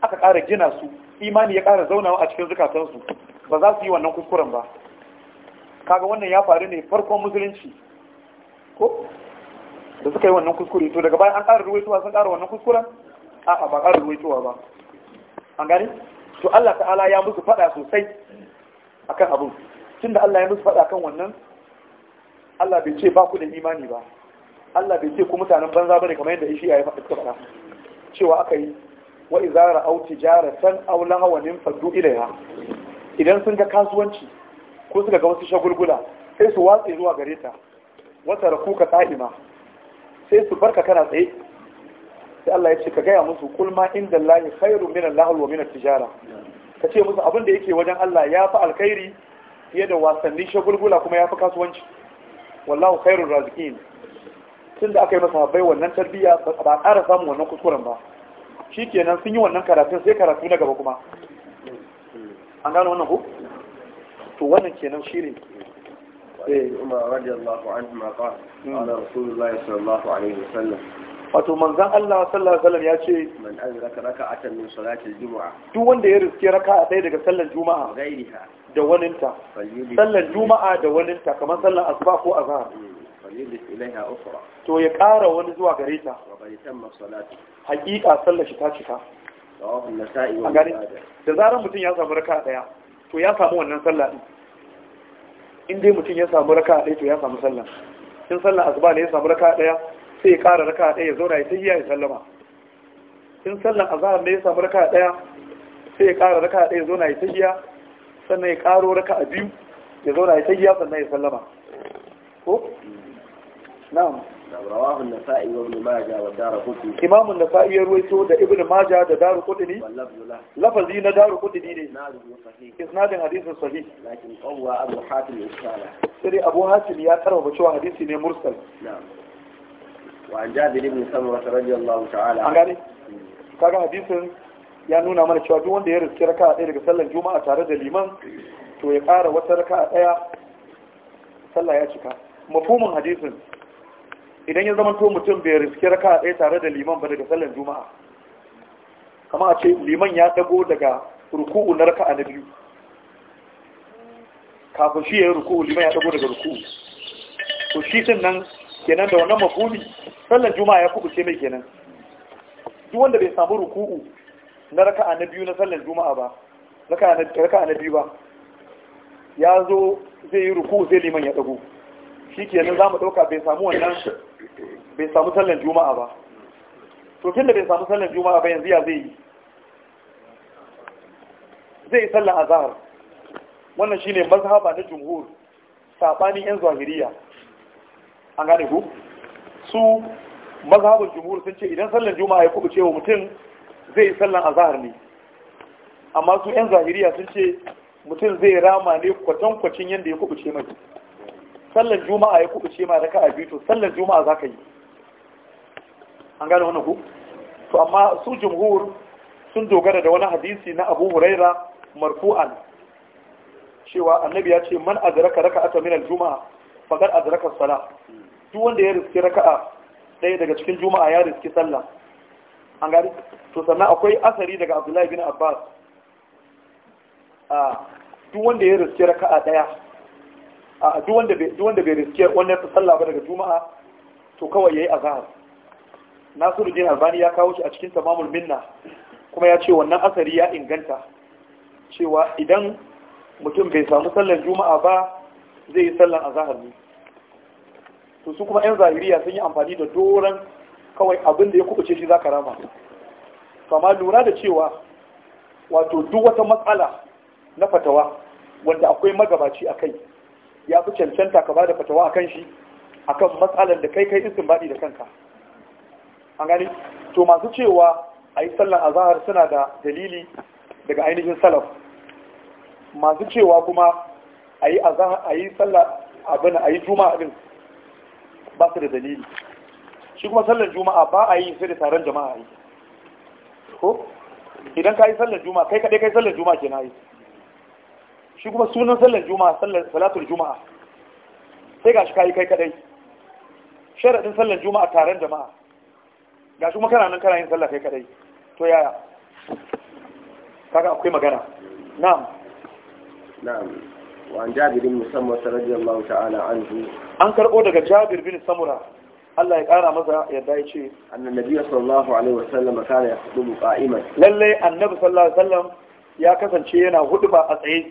S1: aka ƙara gina su imani ya ƙara zaunawa a cikin zukatansu ba za su yi wannan kuskuren ba kaga wannan ya faru ne farkon musulunci ko da suka yi wannan kuskure to daga bayan an ƙara ruwaitowa sun ƙara wannan kuskuren a'a ba ƙara ruwaitowa ba an gane to Allah ta'ala ya musu faɗa sosai akan abun. tunda Allah ya musu faɗa kan wannan Allah bai ce ba ku da imani ba Allah bai ce ku mutanen banza bane kamar yadda ishi ya yi faɗa cewa aka yi wa izara au tijaratan aw lahawanin faddu ilaiha idan sun ga kasuwanci ko suka ga wasu shagulgula sai su watse zuwa gare ta wata rakuka ta'ima sai su barka kana tsaye sai Allah ya ce ka gaya musu kulma inda Allah khairu min Allah wa min tijara ka ce musu abin da yake wajen Allah ya fi alkhairi fiye da wasannin shagulgula kuma ya fi kasuwanci wallahu khairur raziqin tun da aka yi masa bai wannan tarbiyya ba a ƙara samun wannan kuskuren ba Shi kenan sun yi wannan karatun sai karatu na gaba kuma an gano wannan ku? to wannan kenan shi ne eh umar radiyallahu anhu ma qala qala rasulullahi sallallahu alaihi wasallam wato manzon Allah sallallahu alaihi wasallam ya ce man azraka raka'atan min salati juma'a duk wanda ya riske raka'a ɗaya daga sallar juma'a gairiha da waninta sallar juma'a da waninta kamar sallar asuba ko azhar hmm. to ya ƙara wani zuwa gare ta haƙiƙa sallar shi ta cika a gare? da zarar mutum ya samu raka ɗaya to ya samu wannan sallah ɗin in dai mutum ya samu raka ɗaya to ya samu sallah in sallar asuba ne ya samu raka ɗaya sai ya kara raka ɗaya ya zauna ya tahiyya ya sallama in sallan azahar ne ya samu raka ɗaya sai ya kara raka ɗaya ya zauna ya tahiyya sannan ya karo raka a biyu ya zauna ya tahiyya sannan ya sallama ko na'am rawahu an-nasa'i wa ibn majah wa daruqutni imam da Daru majah da lafazi na Daru daruqutni ne isnadin hadisi sahih lakin qawwa abu hatim isala sai abu hatim ya karba cewa hadisi ne mursal وعن جابر بن سمرة رضي الله تعالى kaga hadisin ya nuna mana cewa duk wanda ya riske raka'a ɗaya daga sallar juma'a tare da liman to ya ƙara wata ɗaya sallah idan ya zama to mutum bai riske a ɗaya tare da liman ba daga sallar juma'a kama a ce liman ya dago daga ruku'u na na biyu kafin shi ya yi ruku'u liman ya daga ruku'u to shi nan kenan da wannan mafuli sallan juma'a ya kubuce mai kenan duk wanda bai samu ruku'u na raka'a na biyu na sallan juma'a ba raka'a na biyu ba ya zo zai yi ruku'u zai liman ya dago shi kenan za ɗauka bai samu wannan bai samu sallan juma'a ba to kin da bai samu sallan juma'a ba yanzu ya zai yi zai sallan sallar azahar wannan shine mazhaba na jumhur sabanin yan zahiriya an gane ku su mazhabul jumhur sun ce idan sallan juma'a ya kubuce wa mutum zai yi sallar azhar ne amma su yan zahiriya sun ce mutum zai rama ne kwatan kwacin yanda ya kubuce mai Sallan juma'a ya kubuce ma a biyu to sallan juma'a za ka yi an gane wannan ku to amma su jumhur sun dogara da wani hadisi na Abu Huraira marfu'an cewa annabi ya ce man azraka raka'ata min al-juma'a a azraka sala duk wanda ya riske raka'a ɗaya daga cikin juma'a ya riske sallah an gari to sannan akwai asari daga abdullahi bin abbas duk wanda ya riske raka'a ɗaya a duk wanda bai riske wannan sallah ba daga juma'a to kawai ya yi zahar nasiru jin albani ya kawo shi a cikin tamamul minna kuma ya ce wannan asari ya inganta cewa idan mutum bai samu sallar juma'a ba zai yi sallan azahar ne to su kuma yan zahiriya sun yi amfani da doron kawai abin da ya kubuce shi za ka rama kama lura da cewa wato duk wata matsala na fatawa wanda akwai magabaci a kai ya fi cancanta ka ba da fatawa a kan shi a kan matsalar da kai kai isin baɗi da kanka an gani to masu cewa a yi sallan azahar suna da dalili daga ainihin salaf masu cewa kuma a yi azan a yi sallah abin a yi juma'a din ba su da dalili shi kuma sallar juma'a ba a yi sai da taron jama'a yi ko idan ka yi sallar juma'a kai kadai kai sallar juma'a ke na yi shi kuma sunan sallar juma'a sallar salatul juma'a sai gashi ka yi kai kadai sharadin sallar juma'a taron jama'a gashi kuma kana nan kana yin sallah kai kadai to yaya kaga akwai magana na'am na'am وعن جابر بن سمرة رضي الله تعالى عنه أنكر أودك جابر بن سمرة Allah ya ƙara masa yadda ya ce annabi sallallahu alaihi wasallam kana ya hudu qa'iman النبي annabi الله عليه وسلم ya kasance yana huduba a tsaye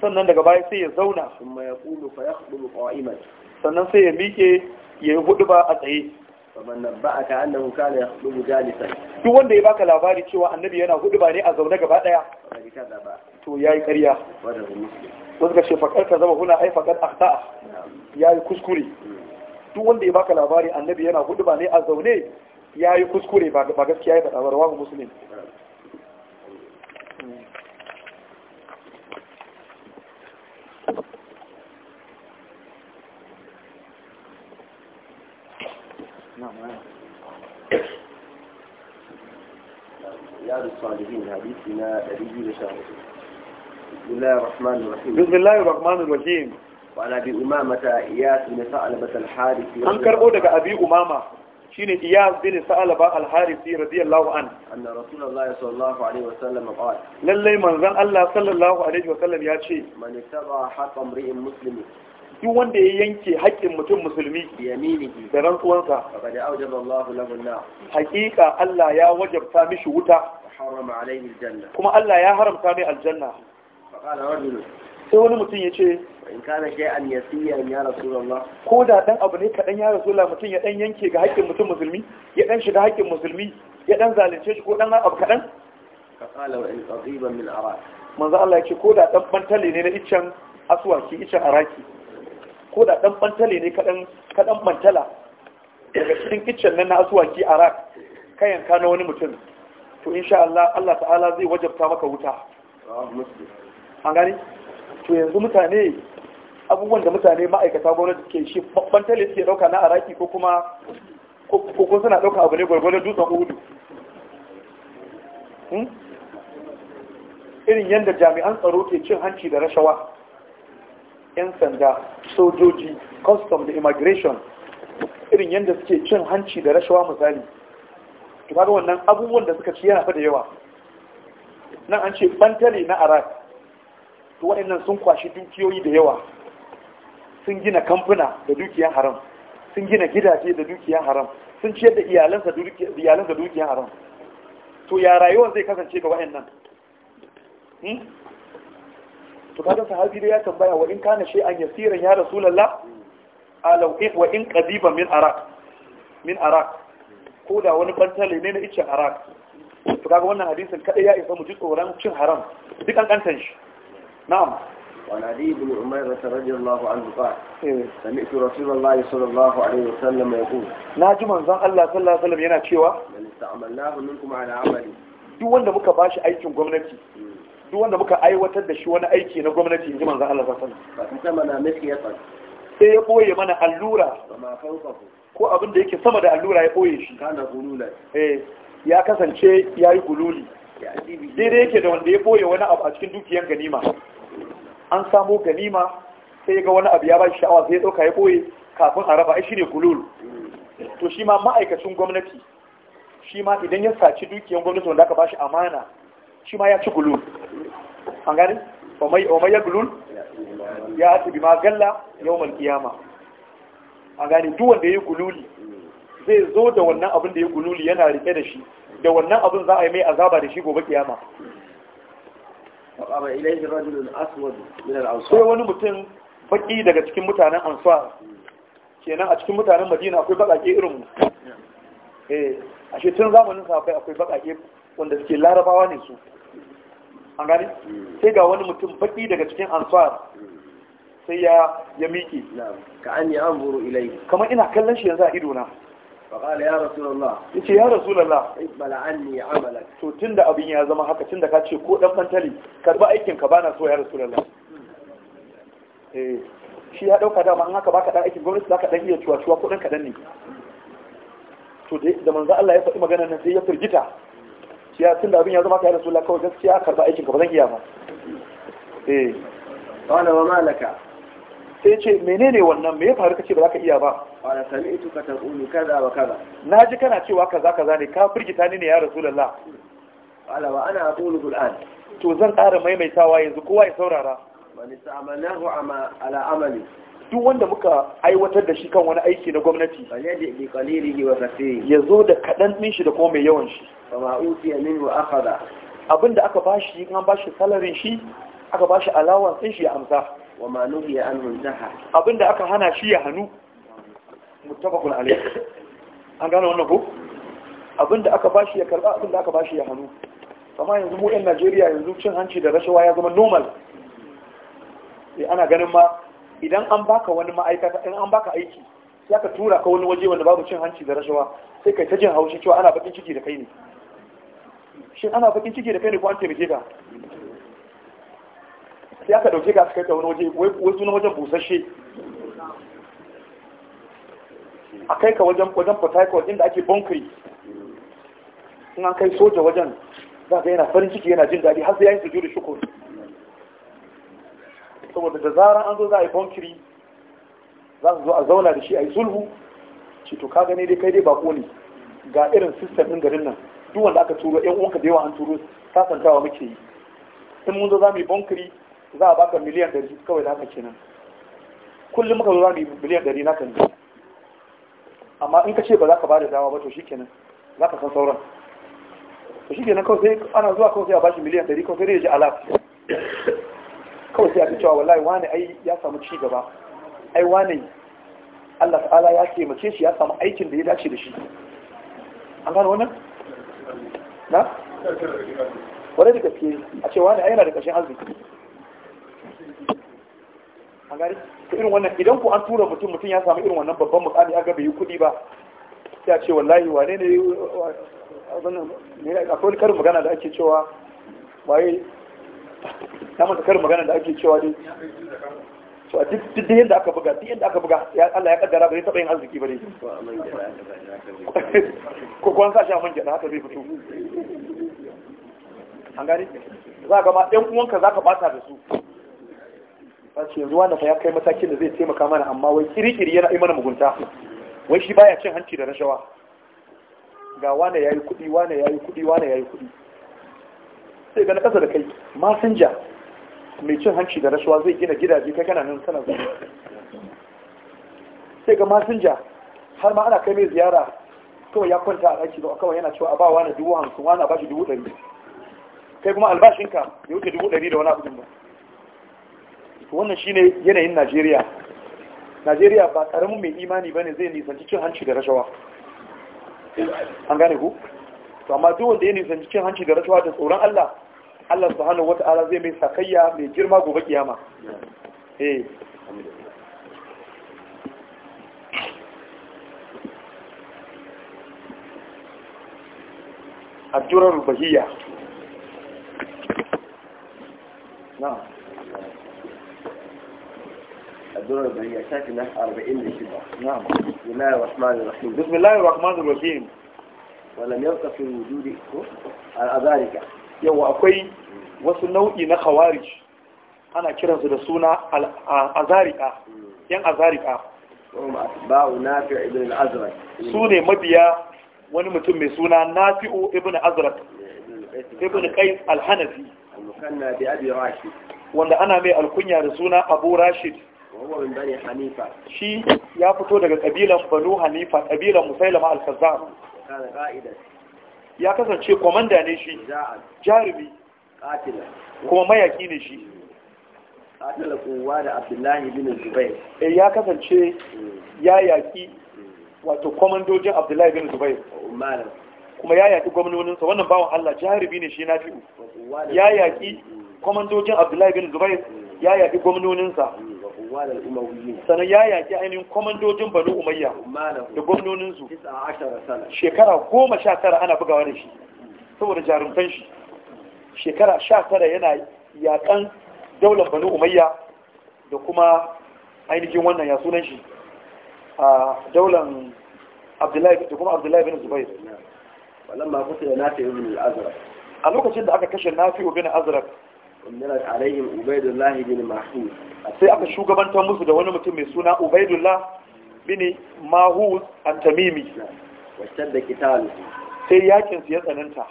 S1: sannan daga baya sai ya zauna kuma ya kulu fa ya yakhdubu qa'iman sannan sai ya miƙe ya yi hudu ba a tsaye ba aka annahu kana ya hudu jalisan duk wanda ya baka labari cewa annabi yana hudu ba ne a zaune gaba daya to ya yi ƙarya wasu ka ce ka zama huna aifaƙar akta'a ya yi kuskure hmm. duk wanda ya baka labari annabi yana hudu ba ne a zaune ya yi kuskure ba gaskiya ya faɗa ba rawahu
S2: hadisi na 214 بسم الله الرحمن الرحيم بسم الله الرحمن
S1: الرحيم وعن ابي امامه اياس بن ثعلبه الحارثي an karbo daga abi umama shine iyas bin sa'alaba al-harisi radiyallahu an anna rasulullah sallallahu alaihi wasallam qala lallai manzon Allah sallallahu alaihi wasallam ya ce man taba haqqam ri'in muslimin duk wanda ya yanke haƙƙin mutum musulmi da rantsuwansa haƙiƙa Allah ya wajabta mishi wuta kuma Allah ya haramta mai aljanna sai wani mutum ya ce ko da dan abu ne kadan ya rasula mutum ya ɗan yanke ga haƙƙin mutum musulmi ya ɗan shiga haƙƙin musulmi ya ɗan zalunce shi ko ɗan abu kaɗan? fa qala wa manzo Allah ya ce ko da dan bantale ne na iccen aswaki iccen araki ko da ɗan bantale ne kaɗan mantala daga cikin kitchen nan na asuwaki a rak kayan kano wani mutum to insha Allah Allah ta'ala zai wajabta maka wuta an gani to yanzu mutane abubuwan da mutane ma'aikata gwamnati ke shi ɓantale suke ɗauka na araki ko kuma ko suna ɗauka abu ne gwargwadon dutsen hudu hmm? irin yadda jami'an tsaro ke cin hanci da rashawa 'yan sanda sojoji custom da immigration irin yadda suke cin hanci da rashawa misali to kaga wannan abubuwan da suka ci yana fa da yawa nan an ce bantare na iraq to waɗannan sun kwashi dukiyoyi da yawa sun gina kamfuna da dukiyan haram sun gina gidaje da dukiyan haram sun ciyar da iyalansa dukiyan haram to ya rayuwar zai kasance ga waɗannan hmm? to kaga sahabi dai ya tambaya wa in kana shay'an yasiran ya rasulullah alau wa in qadiba min arak min arak ko da wani bantale ne na icce arak to kaga wannan hadisin kadai ya isa mu ji tsoron cin haram duk an kantan shi
S2: na'am وعن علي بن
S1: عميرة رضي الله عنه قال سمعت رسول الله صلى الله عليه وسلم يقول ناجم أنزان الله صلى الله عليه وسلم ينا تشيوا من استعملناه منكم على duk wanda muka bashi aikin gwamnati hmm. duk wanda muka aiwatar da shi wani aiki na gwamnati in ji manzan Allah sallallahu sani. sama na sai ya ɓoye mana allura ko abin da yake sama da allura ya ɓoye shi eh, ya kasance ya yi gululi daidai yake da wanda ya ɓoye wani abu a cikin dukiyan ganima an samo ganima sai ya ga wani abu ya ba shi sha'awa sai ya ɗauka ya ɓoye kafin a raba shi ne gulul mm. to shi ma ma'aikacin gwamnati shi ma idan ya saci dukiyan gwamnati wanda aka ba shi amana shi ma ya ci gulul an gani omai ya gulul ya ci bi magalla yau malkiyama an gani duk wanda ya yi gululi zai zo da wannan abin da ya gululi yana rike da shi da wannan abin za a yi mai azaba da shi gobe kiyama sai wani mutum baki daga cikin mutanen ansar kenan a cikin mutanen madina akwai bakake irin mu eh ashe tun zamanin sa akwai bakake wanda suke larabawa ne su an gani hmm. sai ga wani mutum baki daga cikin ansuwar hmm. sai ya ya miƙe ka an yi an buru ilai kamar ina kallon shi yanzu a ido na faƙala ya rasulallah ya ce ya rasulallah ibbala an ni to tun da abin ya zama haka tun da ka ce ko ɗan fantali ba aikin ka bana so ya rasulallah hmm. eh shi ya ɗauka dama an haka baka ɗan aikin gwamnati za ka ɗan iya cuwa-cuwa ko ɗan kaɗan ne to da manzo Allah ya faɗi maganar nan sai ya firgita gaskiya tun da abin ya zama ka yi rasulullah kawai gaskiya karba aikin ka ba zan iya ba eh qala wa malaka sai ce menene wannan me ya faru kace ba za ka iya ba qala sami'tu ka taqulu kaza wa kaza naji kana cewa kaza kaza ne ka firgita ni ne ya rasulullah qala wa ana aqulu al'an to zan ƙara maimaitawa yanzu kowa ya saurara Wani ista'malnahu ala amali duk wanda muka aiwatar da shi kan wani aiki na gwamnati ya zo da kaɗan ɗin shi da kuma mai yawan shi abin da aka ba shi an ba shi salarin shi aka ba shi alawar sun shi ya amsa abin da aka hana shi ya hannu mutabakun alaihi an gane wannan ko abin da aka ba shi ya karɓa abin da aka ba shi ya hannu amma yanzu mu 'yan najeriya yanzu cin hanci da rashawa ya zama normal eh, ana ganin ma idan an baka wani ma'aikata in an baka aiki ya ka tura ka wani waje wanda babu cin hanci da rashawa sai kai ta jin haushi cewa ana bakin ciki da kai ne shin ana bakin ciki da kai ne ko an taimake ka Ya ka dauke ka kai wani waje wai sunan wajen busasshe a kai ka wajen wajen port inda ake bunkri in an kai soja wajen za ka yana farin ciki yana jin daɗi har sai ya su sujudu shukuru. saboda da zara an zo za a yi bankiri za su zo a zauna da shi a yi sulhu ce to kaga ne dai kai dai bako ne ga irin sistem ɗin garin nan duk wanda aka turo yan uwanka da yawa an turo sasantawa muke yi in mun zo za mu yi bonkiri za a baka miliyan ɗari kawai naka kenan kullum muka zo za mu yi miliyan ɗari na ne amma in ka ce ba za ka ba da dama ba to shikenan za ka san sauran to shikenan kawai sai ana zuwa kawai sai a bashi miliyan ɗari kawai sai dai ya ji alaf sai a cewa wallahi wane ai ya samu ci gaba ai wane Allah ta'ala ya mace shi ya samu aikin da ya dace da shi an gano wannan na wani da gaske a ce wane ai yana da kashin arziki an gari ta irin wannan idan ku an tura mutum mutum ya samu irin wannan babban mukami aga bai yi kuɗi ba sai a ce wallahi wane ne a wani karin magana da ake cewa waye ta mata karin magana da ake cewa dai to a duk duk yadda aka buga duk yadda aka buga ya Allah ya kaddara bai taba yin arziki bare ko kwan sa shi a manja haka zai fito an gani? za a ma ɗan uwanka za ka bata da su ta ce yanzu wanda fa ya kai matakin da zai taimaka mana amma wai kirikiri yana yi mana mugunta wai shi baya cin hanci da rashawa ga wane yayi kuɗi wane yayi kuɗi wane yayi kuɗi sai ga na ƙasa da kai masinja mai cin hanci da rashuwa zai gina gidaje kai kana nan zai sai ga masinja har ma ana kai mai ziyara kawai ya kwanta a ɗaki ba kawai yana cewa a ba wani dubu hamsin wa na ba shi dubu ɗari kai kuma albashinka ya wuce dubu ɗari da wani abu ba wannan shine yanayin najeriya najeriya ba ƙaramin mai imani ba ne zai nisanci cin hanci da rashawa an gane ku to amma duk wanda ya nisanci cin hanci da rashawa da tsoron allah Allah subhanahu wata'ala zai mai sakayya mai girma gobe kiyama. Eh. Ajurar bahiya. Na.
S2: Ajurar bahiya shafi na arba'in da shida. Na.
S1: ka akwai wasu nau'i na khawarij ana kiransu da suna azarika yan azarika su ne mabiya wani mutum mai suna nafi'u ibn azraq ibn qais al-hanafi wanda ana mai alkunya da suna abu rashid shi ya fito daga kabilan banu hanifa kabilan musailama al-kazzab ya kasance komanda ne shi jarumi kuma mayaki ne shi qatala kowa da abdullahi bin zubai eh, ya kasance ya yaki wato komandojin abdullahi bin zubai kuma ya yaki gwamnoninsa wannan bawan Allah jaharibi ne shi na fi ya yaki komandojin abdullahi bin zubai mm. ya yaki gwamnoninsa mm. sannan ya yaki ainihin komandojin banu umayya da gwamnoninsu shekara goma sha tara ana bugawa da shi saboda jarumtan shi shekara sha tara yana yakan daular banu umayya da kuma ainihin wannan ya sunan shi a daular abdullahi da kuma abdullahi bin zubair walamma kusa da nafi ibn al-azraq a lokacin da aka kashe nafi ibn al-azraq ummirat alaihim ubaidullah bin mahmud sai aka shugabantar musu da wani mutum mai suna ubaidullah bin mahmud at-tamimi wacce da kitalu sai yakin su ya tsananta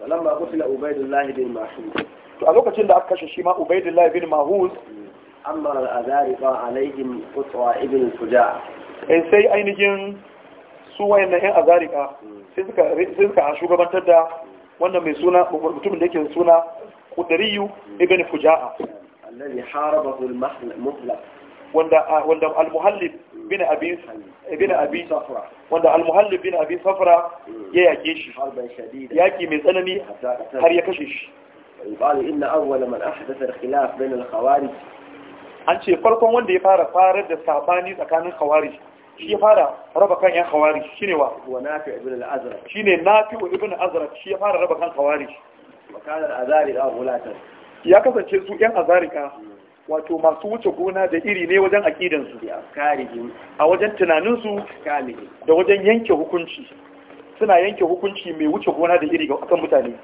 S1: walamma qutila ubaydullah bin mahmud to a lokacin da aka kashe shi ma ubaydullah bin mahmud amara al-azariqa alaihim qutwa ibn fuja sai ainihin su wayannan yan azariqa sai a sai suka wannan mai suna mutumin da yake suna qudariyu ibn fuja'a alladhi harabahu al wanda al bin abi safra wanda al-muhallib bin abi safra ya yake shi yaki mai tsanani har ya kashe shi qala inna awwala man ahdatha al-khilaf bain al-khawarij an ce farkon wanda ya fara farar da sabani tsakanin khawarij shi ya fara raba kan yan khawarij shine wa wa nafi ibn al-azraq shine nafi ibn al shi ya fara raba kan khawarij wa kana al-azari ya kasance su yan azarika wato masu wuce gona da iri ne wajen aƙidansu a wajen tunaninsu da wajen yanke hukunci suna yanke hukunci mai wuce gona da iri ga akan mutane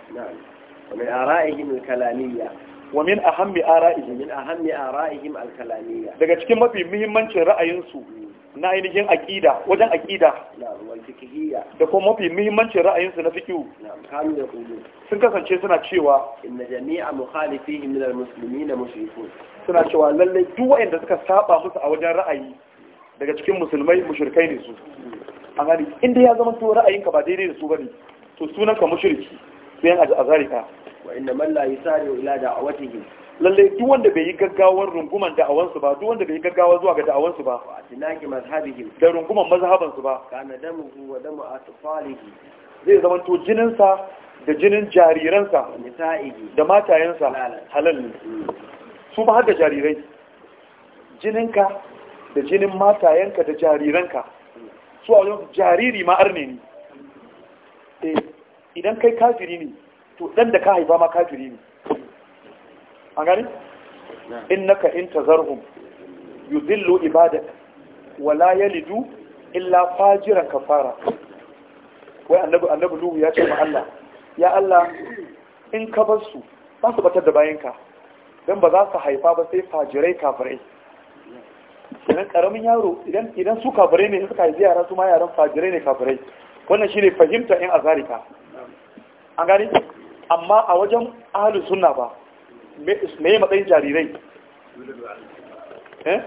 S1: ومن أهم آرائهم من daga cikin mafi muhimmancin ra'ayinsu hmm. na ainihin aƙida wajen aƙida da kuma mafi muhimmancin ra'ayinsu na fikiyu sun kasance suna cewa inna jami'a mukhalifihim min na mushrikun suna cewa lallai duk wanda suka saba musu a wajen ra'ayi daga cikin musulmai mushrikai ne su A gani inda ya zama ra'ayin ka ba daidai da su bane to sunanka mushriki sai an azarika wa inna man la yusari ila lalle duk wanda bai yi gaggawar runguman da'awansu ba duk wanda bai yi gaggawa zuwa ga da'awansu ba da runguman mazhabansu ba kana damu wa damu atfalihi zai zama to jininsa da jinin jariransa da matayensa halal ne mm. su ba haka jarirai jininka da jinin ka da jariranka su a wajen jariri ma arne ne eh, idan kai kafiri ne to dan da ka haifa ma kafiri ne an gani innaka in tazarhum yudhillu ibadak wa la yalidu illa fajiran kafara wai annabi annabi Nuhu ya ce ma Allah ya Allah in ka bar su ba su batar da bayanka don ba za su haifa ba sai fajirai kafirai idan karamin yaro idan su kafirai ne suka haifi yara su ma yaran fajirai ne kafirai wannan shine fahimta in azarika an gani amma a wajen ahlus sunna ba me ya matsayin jarirai eh?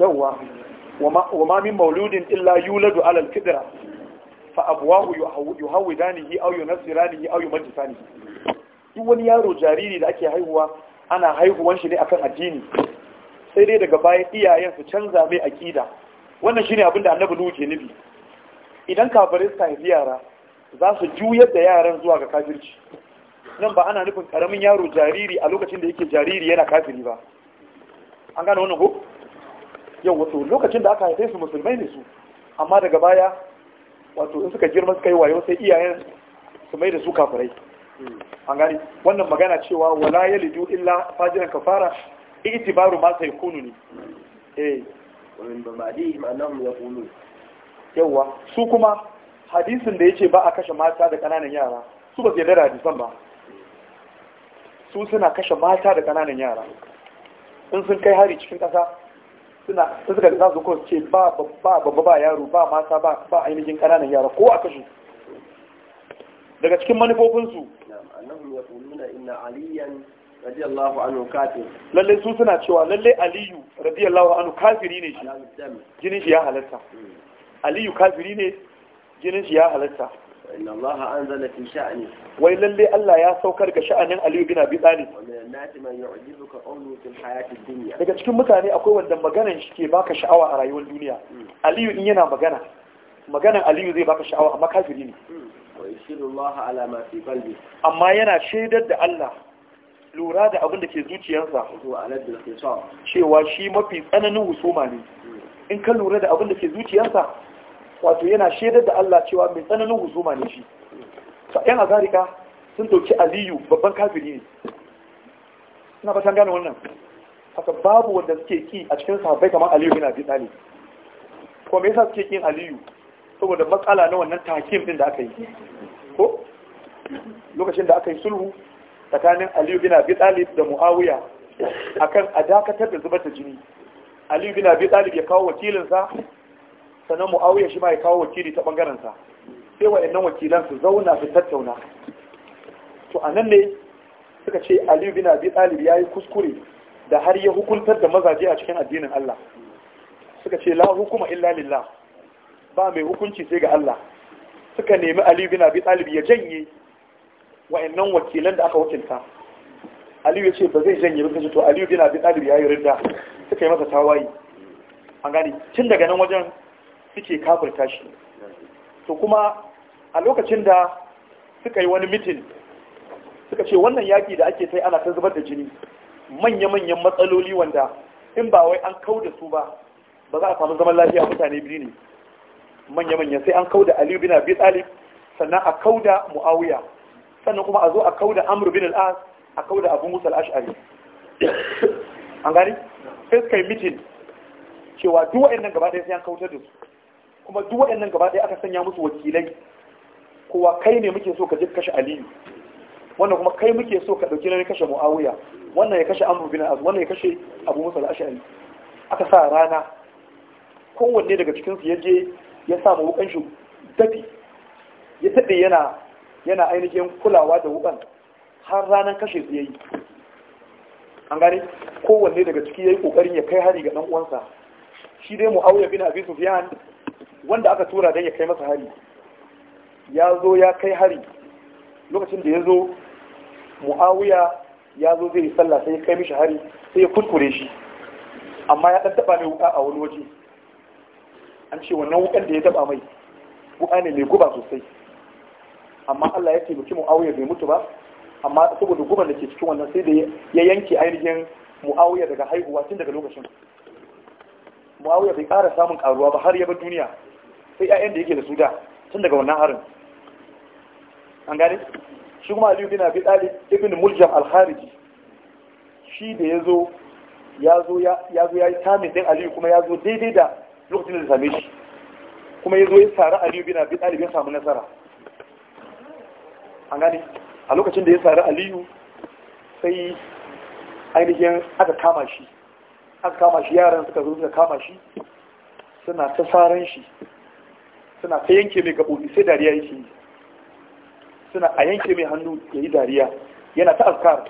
S1: yawwa wa ma min mauludin illa yuladu alal kidra fa abwahu yuhawidanihi aw yunasiranihi aw yumajjisani duk wani yaro jariri da ake haihuwa ana haihuwan shi ne akan addini sai dai daga bayan iyayen su canza mai akida wannan shine abin da annabi nuhu ke nufi idan kafirai suka yara za su juyar da yaran zuwa ga kafirci nan ba ana nufin karamin yaro jariri a lokacin da yake jariri yana kafiri ba an gane wannan ko yau wato lokacin da aka haife su musulmai ne su amma daga baya wato in suka girma suka yi wayo sai iyayen su mai da su kafirai an gane wannan magana cewa wala yalidu illa fajiran kafara itibaru ma sai kunu ne eh wannan ba madi ma'anahum yaqulu yawa su kuma hadisin da yace ba a kashe mata da kananan yara su ba su yarda da hadisan ba su suna kashe mata da kananan yara in sun kai hari cikin ƙasa suna sun suka za su kawai ce ba babba ba yaro ba mata ba ainihin kananan yara ko a kashe daga cikin manufofinsu lallai su suna cewa lallai aliyu radiyallahu anu kafiri ne shi jinin shi ya halatta aliyu kafiri ne jinin shi ya halatta Wai الله أنزل في شأنه ga sha'anin الله يا سوكر كشأن علي بن أبي طالب ومن الناس من يعجبك قوله في الحياة الدنيا daga cikin mutane akwai wanda maganar ke baka sha'awa a rayuwar duniya hmm. Aliyu in yana magana maganar Aliyu zai baka sha'awa amma kafiri ne hmm. amma yana shaidar da Allah lura da abin da ke zuciyarsa cewa shi mafi tsananin husuma ne hmm. in ka lura da abin da ke zuciyarsa wato yana shaidar da Allah cewa mai tsananin husuma ne shi yan azarika sun dauki aliyu babban kafiri ne ina ba gane wannan haka babu wanda suke ki a cikin sahabbai kamar aliyu yana bi tsali ko me yasa suke kin aliyu saboda matsala na wannan takim din da aka yi ko lokacin da aka yi sulhu tsakanin aliyu bin abi talib da muawiya akan a dakatar da zubar da jini aliyu bin abi talib ya kawo wakilinsa sannan mu'awiya shi ma ya kawo wakili ta ɓangarensa sai wa'annan wakilan su zauna su tattauna to a nan ne suka ce aliyu bin abi talib ya yi kuskure da har ya hukuntar da mazaje a cikin addinin Allah suka ce la hukuma illa lillah ba mai hukunci sai ga Allah suka nemi aliyu bin abi talib ya janye wa'annan wakilan da aka wakilta aliyu ya ce ba zai janye ba to aliyu bin abi talib ya yi ridda suka yi masa tawayi an gani tun daga nan wajen suke kafirta shi to kuma a lokacin da suka yi wani mitin suka ce wannan yaƙi da ake sai ana ta zubar da jini manya-manyan matsaloli wanda in ba wai an kau da su ba ba za a samu zaman lafiya mutane biyu ne manya-manya sai an kau da aliyu bin abi talib sannan a kau da mu'awiya sannan kuma a zo a kau da amr bin al'as a kau da abu musa al'ashari an gani sai suka yi mitin cewa duk wa'annan gaba ɗaya sai an kautar da su kuma duk waɗannan gaba ɗaya aka sanya musu wakilai kowa kai ne muke so ka je kashe aliyu wannan kuma kai muke so ka ɗauki nan kashe mu'awiya wannan ya kashe amur bin az wannan ya kashe abu musa al-ash'ari aka sa rana kowanne daga cikin su yaje ya sa mu wukan shi dafi ya tabe yana yana ainihin kulawa da wukan har ranar kashe su yayi an gane kowanne daga ciki yayi kokarin ya kai hari ga dan uwansa shi dai mu'awiya bin abi sufyan wanda aka tura don ya kai masa hari ya zo ya kai hari lokacin da ya zo mu'awiya ya zo zai yi sallah sai ya kai mishi hari sai ya kuskure shi amma ya ɗan taɓa mai wuƙa a wani waje an ce wannan wukan da ya taɓa mai wuƙa ne mai guba sosai amma Allah ya taimaki mu'awiyar bai mutu ba amma saboda guban da ke cikin wannan sai da ya yanke ainihin mu'awiyar daga haihuwa tun daga lokacin muawiya bai kara samun karuwa ba har ya bar duniya sai ƴaƴan da yake da su da tun daga wannan harin an gane shi kuma aliyu bin abi dali ibn muljam al-khariji shi da yazo ya zo ya yi tamin din aliyu kuma yazo daidai da lokacin da same shi kuma ya zo ya tsara aliyu bin abi dali bin samu nasara an gane a lokacin da ya tsara aliyu sai ainihin aka kama shi an kama shi yaran suka zo suka kama shi suna ta saran shi suna ta yanke mai gaɓoɓi sai dariya yake yi suna a yanke mai hannu ya yi dariya yana ta azkar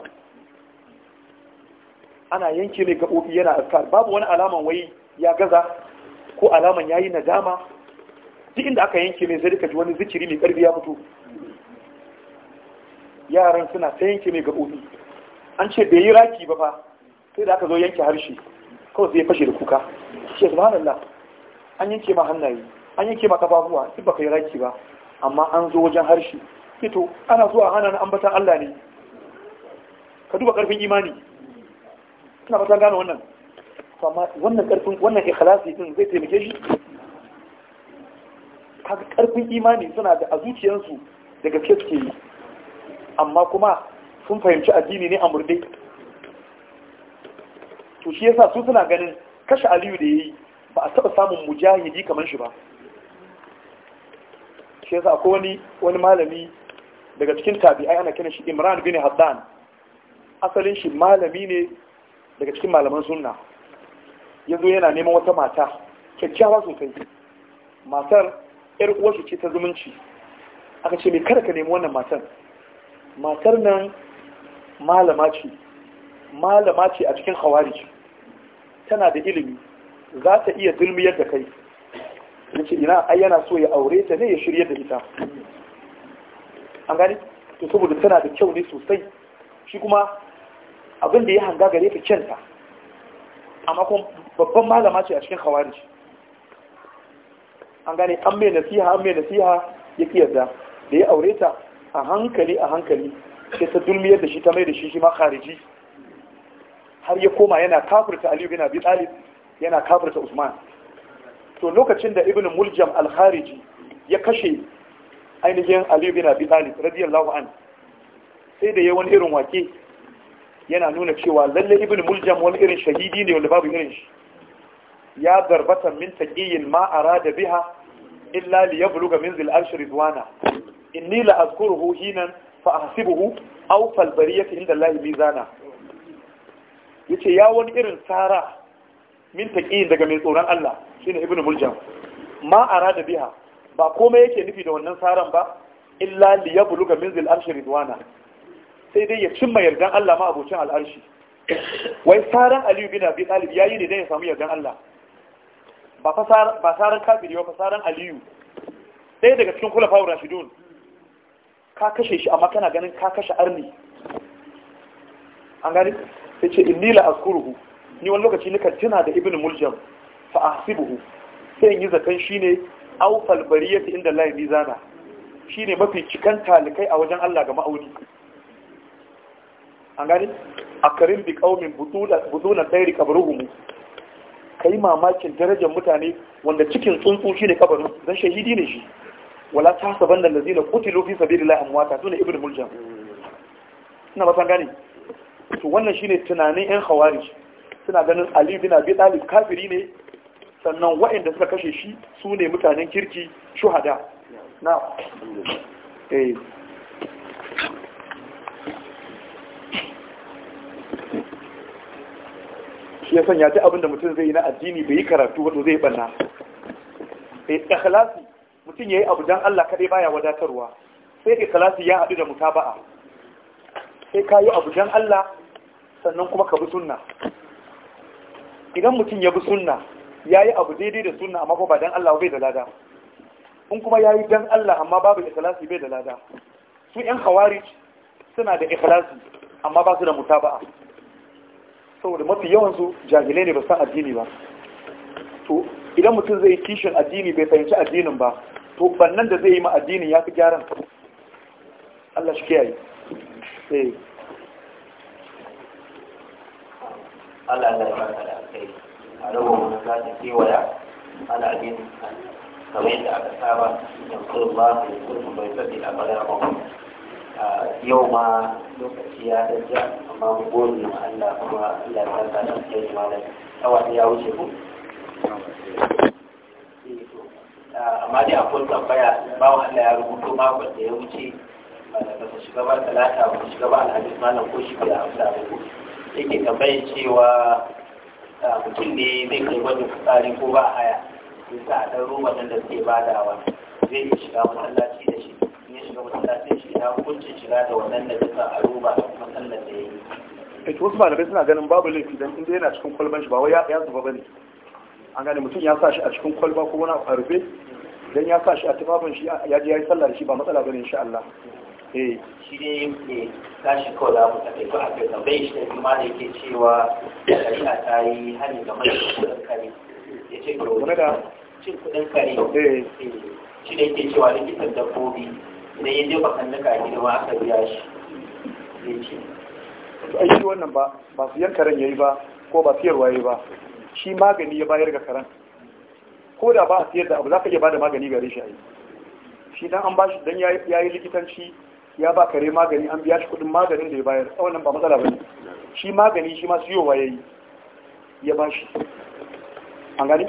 S1: ana yanke mai gaɓoɓi yana azkar babu wani alaman wai ya gaza ko alaman ya yi nadama duk inda aka yanke mai zai ji wani zikiri mai ƙarfi ya mutu, yaran suna ta yanke mai gaɓoɓi an ce bai yi raki ba fa sai da aka zo yanke harshe kawai sai fashe da kuka shi subhanallah an yanke ma hannaye an yanke ma kafafuwa duk ka yi raki ba amma an zo wajen harshe fito ana zuwa hana na ambatan Allah ne ka duba karfin imani suna fata gane wannan amma wannan karfin wannan ikhlasi din zai taimake shi kaga karfin imani suna da a zuciyarsu da gaske suke yi amma kuma sun fahimci addini ne a murde to shi yasa su suna ganin kashe aliyu da ya yi ba a taɓa samun mujahidi kamar shi ba shi yasa akwai wani wani malami daga cikin tabi'ai ana kiran shi Imran bin Haddan asalin shi malami ne daga cikin malaman sunna yanzu yana neman wata mata kyakkyawa sosai matar yar uwarsu ce ta zumunci aka ce mai kada ka nemi wannan matar matar nan malama ce malama ce a cikin khawarij tana da ilimi za ta iya zulmiyar da kai nace ina ai yana so ya aure ta ne ya shirya da ita an gani to saboda tana da kyau ne sosai shi kuma abin da ya hanga gare ta kyanta amma kuma babban malama ce a cikin khawarij an gane an mai nasiha an mai nasiha ya yarda da ya aure ta a hankali a hankali sai ta dulmiyar da shi ta mai da shi shi ma khariji har ya koma yana kafirta Ali bin abi talib yana kafirta usman to lokacin da ibn muljam al-khariji ya kashe ainihin Ali bin abi talib radiyallahu an sai da yawan wani irin wake yana nuna cewa lalle ibn muljam wani irin shahidi ne wanda babu irin shi ya garbata min taqiyin ma arada biha illa li yabluga minzil arsh ridwana inni la azkuruhu hinan fa ahsibuhu aw bariyati inda allahi mizana yace ya wani irin tsara min taƙi daga mai tsoron Allah ne ibnu muljam ma arada biha ba komai yake nufi da wannan tsaran ba illa li min zil arshi ridwana sai dai ya cimma yardan Allah ma abocin al'arshi wai tsaran aliyu bin abi talib yayi ne dan ya samu yardan Allah ba fa ba tsaran kafiri ba tsaran aliyu Sai daga cikin kula fawon rashidun ka kashe shi amma kana ganin ka kashe arni an gani sai ce inni la azkuruhu ni wani lokaci kan tuna da ibn muljam fa ahsibuhu sai in yi zakan shine awfal bariyati inda Allah mizana shine mafi cikan talikai a wajen Allah ga ma'audi an gani akarin bi qaumin butuna tsairi kabruhum kai mamakin darajar mutane wanda cikin tsuntsu shine kabarin dan shahidi ne shi wala da lazina kutilu fi sabilillahi amwata tuna ibn muljam ina ba san gani to wannan shine tunanin yan khawarij suna ganin ali bin abi talib kafiri ne sannan waɗanda suka kashe shi su ne mutanen kirki shuhada na eh shi ya sanya ta abinda mutum zai yi na addini bai yi karatu wato zai banna eh ikhlasi mutum yayi abu dan Allah kadai baya wadatarwa sai ikhlasi ya haɗu da mutaba'a sai kayi abu dan Allah sannan kuma ka bi sunna idan mutum ya bi sunna ya yi abu daidai da sunna amma ba dan Allah bai da lada in kuma ya yi dan Allah amma babu ikhlasi bai da lada su yan khawarij suna da ikhlasi amma ba su da mutaba'a saboda mafi yawansu, su jahilai ne ba san addini ba to idan mutum zai kishin addini bai fahimci addinin ba to bannan da zai yi ma addinin ya fi gyaran Allah shi kiyaye eh
S2: Allah ya barka da kai a rabu mu za ta kewaya ana bin kamar yadda aka saba yanzu ba su yi kurkun bai sabi a bayan abubuwa yau ma lokaci ya dajja amma mu gode ma Allah kuma Allah ya ta da kai malam awa ya wuce ku amma dai akwai ba bawan Allah ya rubuto makon da ya wuce ba ta shiga ba talata ba shiga ba alhamis malam ko shi ya amsa ba yake tambayin cewa mutum ne zai kai gwajin fitsari ko ba haya ya sa a ɗan roba nan da suke badawa
S1: zai yi shiga masallaci da shi in ya shiga masallaci shi ya hukuncin shiga da wannan da duka a roba a masallar da ya yi. Ita eh, wasu malamai suna ganin babu laifi don inda yana cikin kwalban shi ba wai ya zuba ba ne. An gane mutum ya sa shi a cikin kwalba ko wani a rufe don ya sa shi a tufafin shi ya je ya yi sallah da shi ba matsala ba ne insha Allah. Eh,
S2: shi ne yake tashi kawai da mutum da kuma aka bai shi da kuma da yake cewa shari'a ta yi hani ga mai kudin kare ya ce da cin kudin kare eh. Eh, shi ne yake cewa likitan dabbobi idan ya jefa kannuka gida ma aka biya shi
S1: ya ce ai shi wannan ba ba su yan karen yayi ba ko ba siyarwa yayi ba shi magani ya bayar ga karen ko da ba a siyar da abu za ka iya ba da magani gare shi a yi shi dan an ba shi dan ya yi likitanci ya ba kare magani an biya shi kudin maganin da ya bayar wannan ba matsala ne shi magani shi ma siyowa yi ya ba shi an gani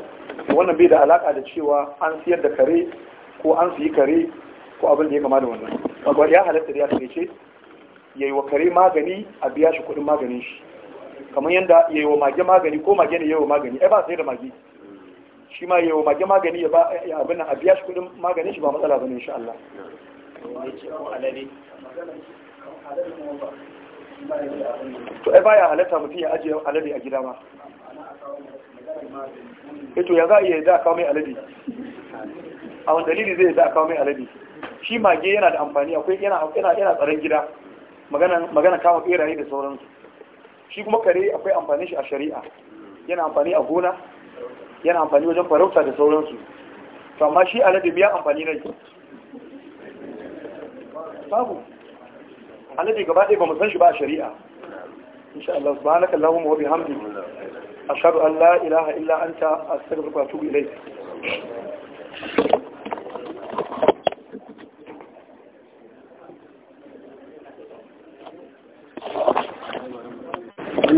S1: wannan bai da alaka da cewa an siyar da kare ko an siyi kare ko abin da ya kama da wannan kaga ya halatta da ya ce ya yi wa kare magani a biya shi kudin maganin shi kamar yadda ya yi wa mage magani ko mage ne ya yi wa magani ai ba sai da mage shi ma ya yi wa mage magani ya ba abin nan a biya shi kudin maganin shi ba matsala ba insha Allah to ai baya halatta mutum ya ajiye alade a gida ma eto eh, ya za a iya da kawo mai alade a wani dalili zai da kawo mai alade shi mage yana da amfani akwai yana tsaron gida magana kama beraye da sauransu shi kuma kare akwai amfani shi a shari'a yana amfani a gona yana amfani wajen farauta da sauransu to amma shi alade biya amfani na babu annabi gaba ɗaya ba mu san shi ba a shari'a insha Allah subhanaka allahumma wa bihamdi ashhadu an la ilaha illa anta astaghfiruka wa atubu ilayk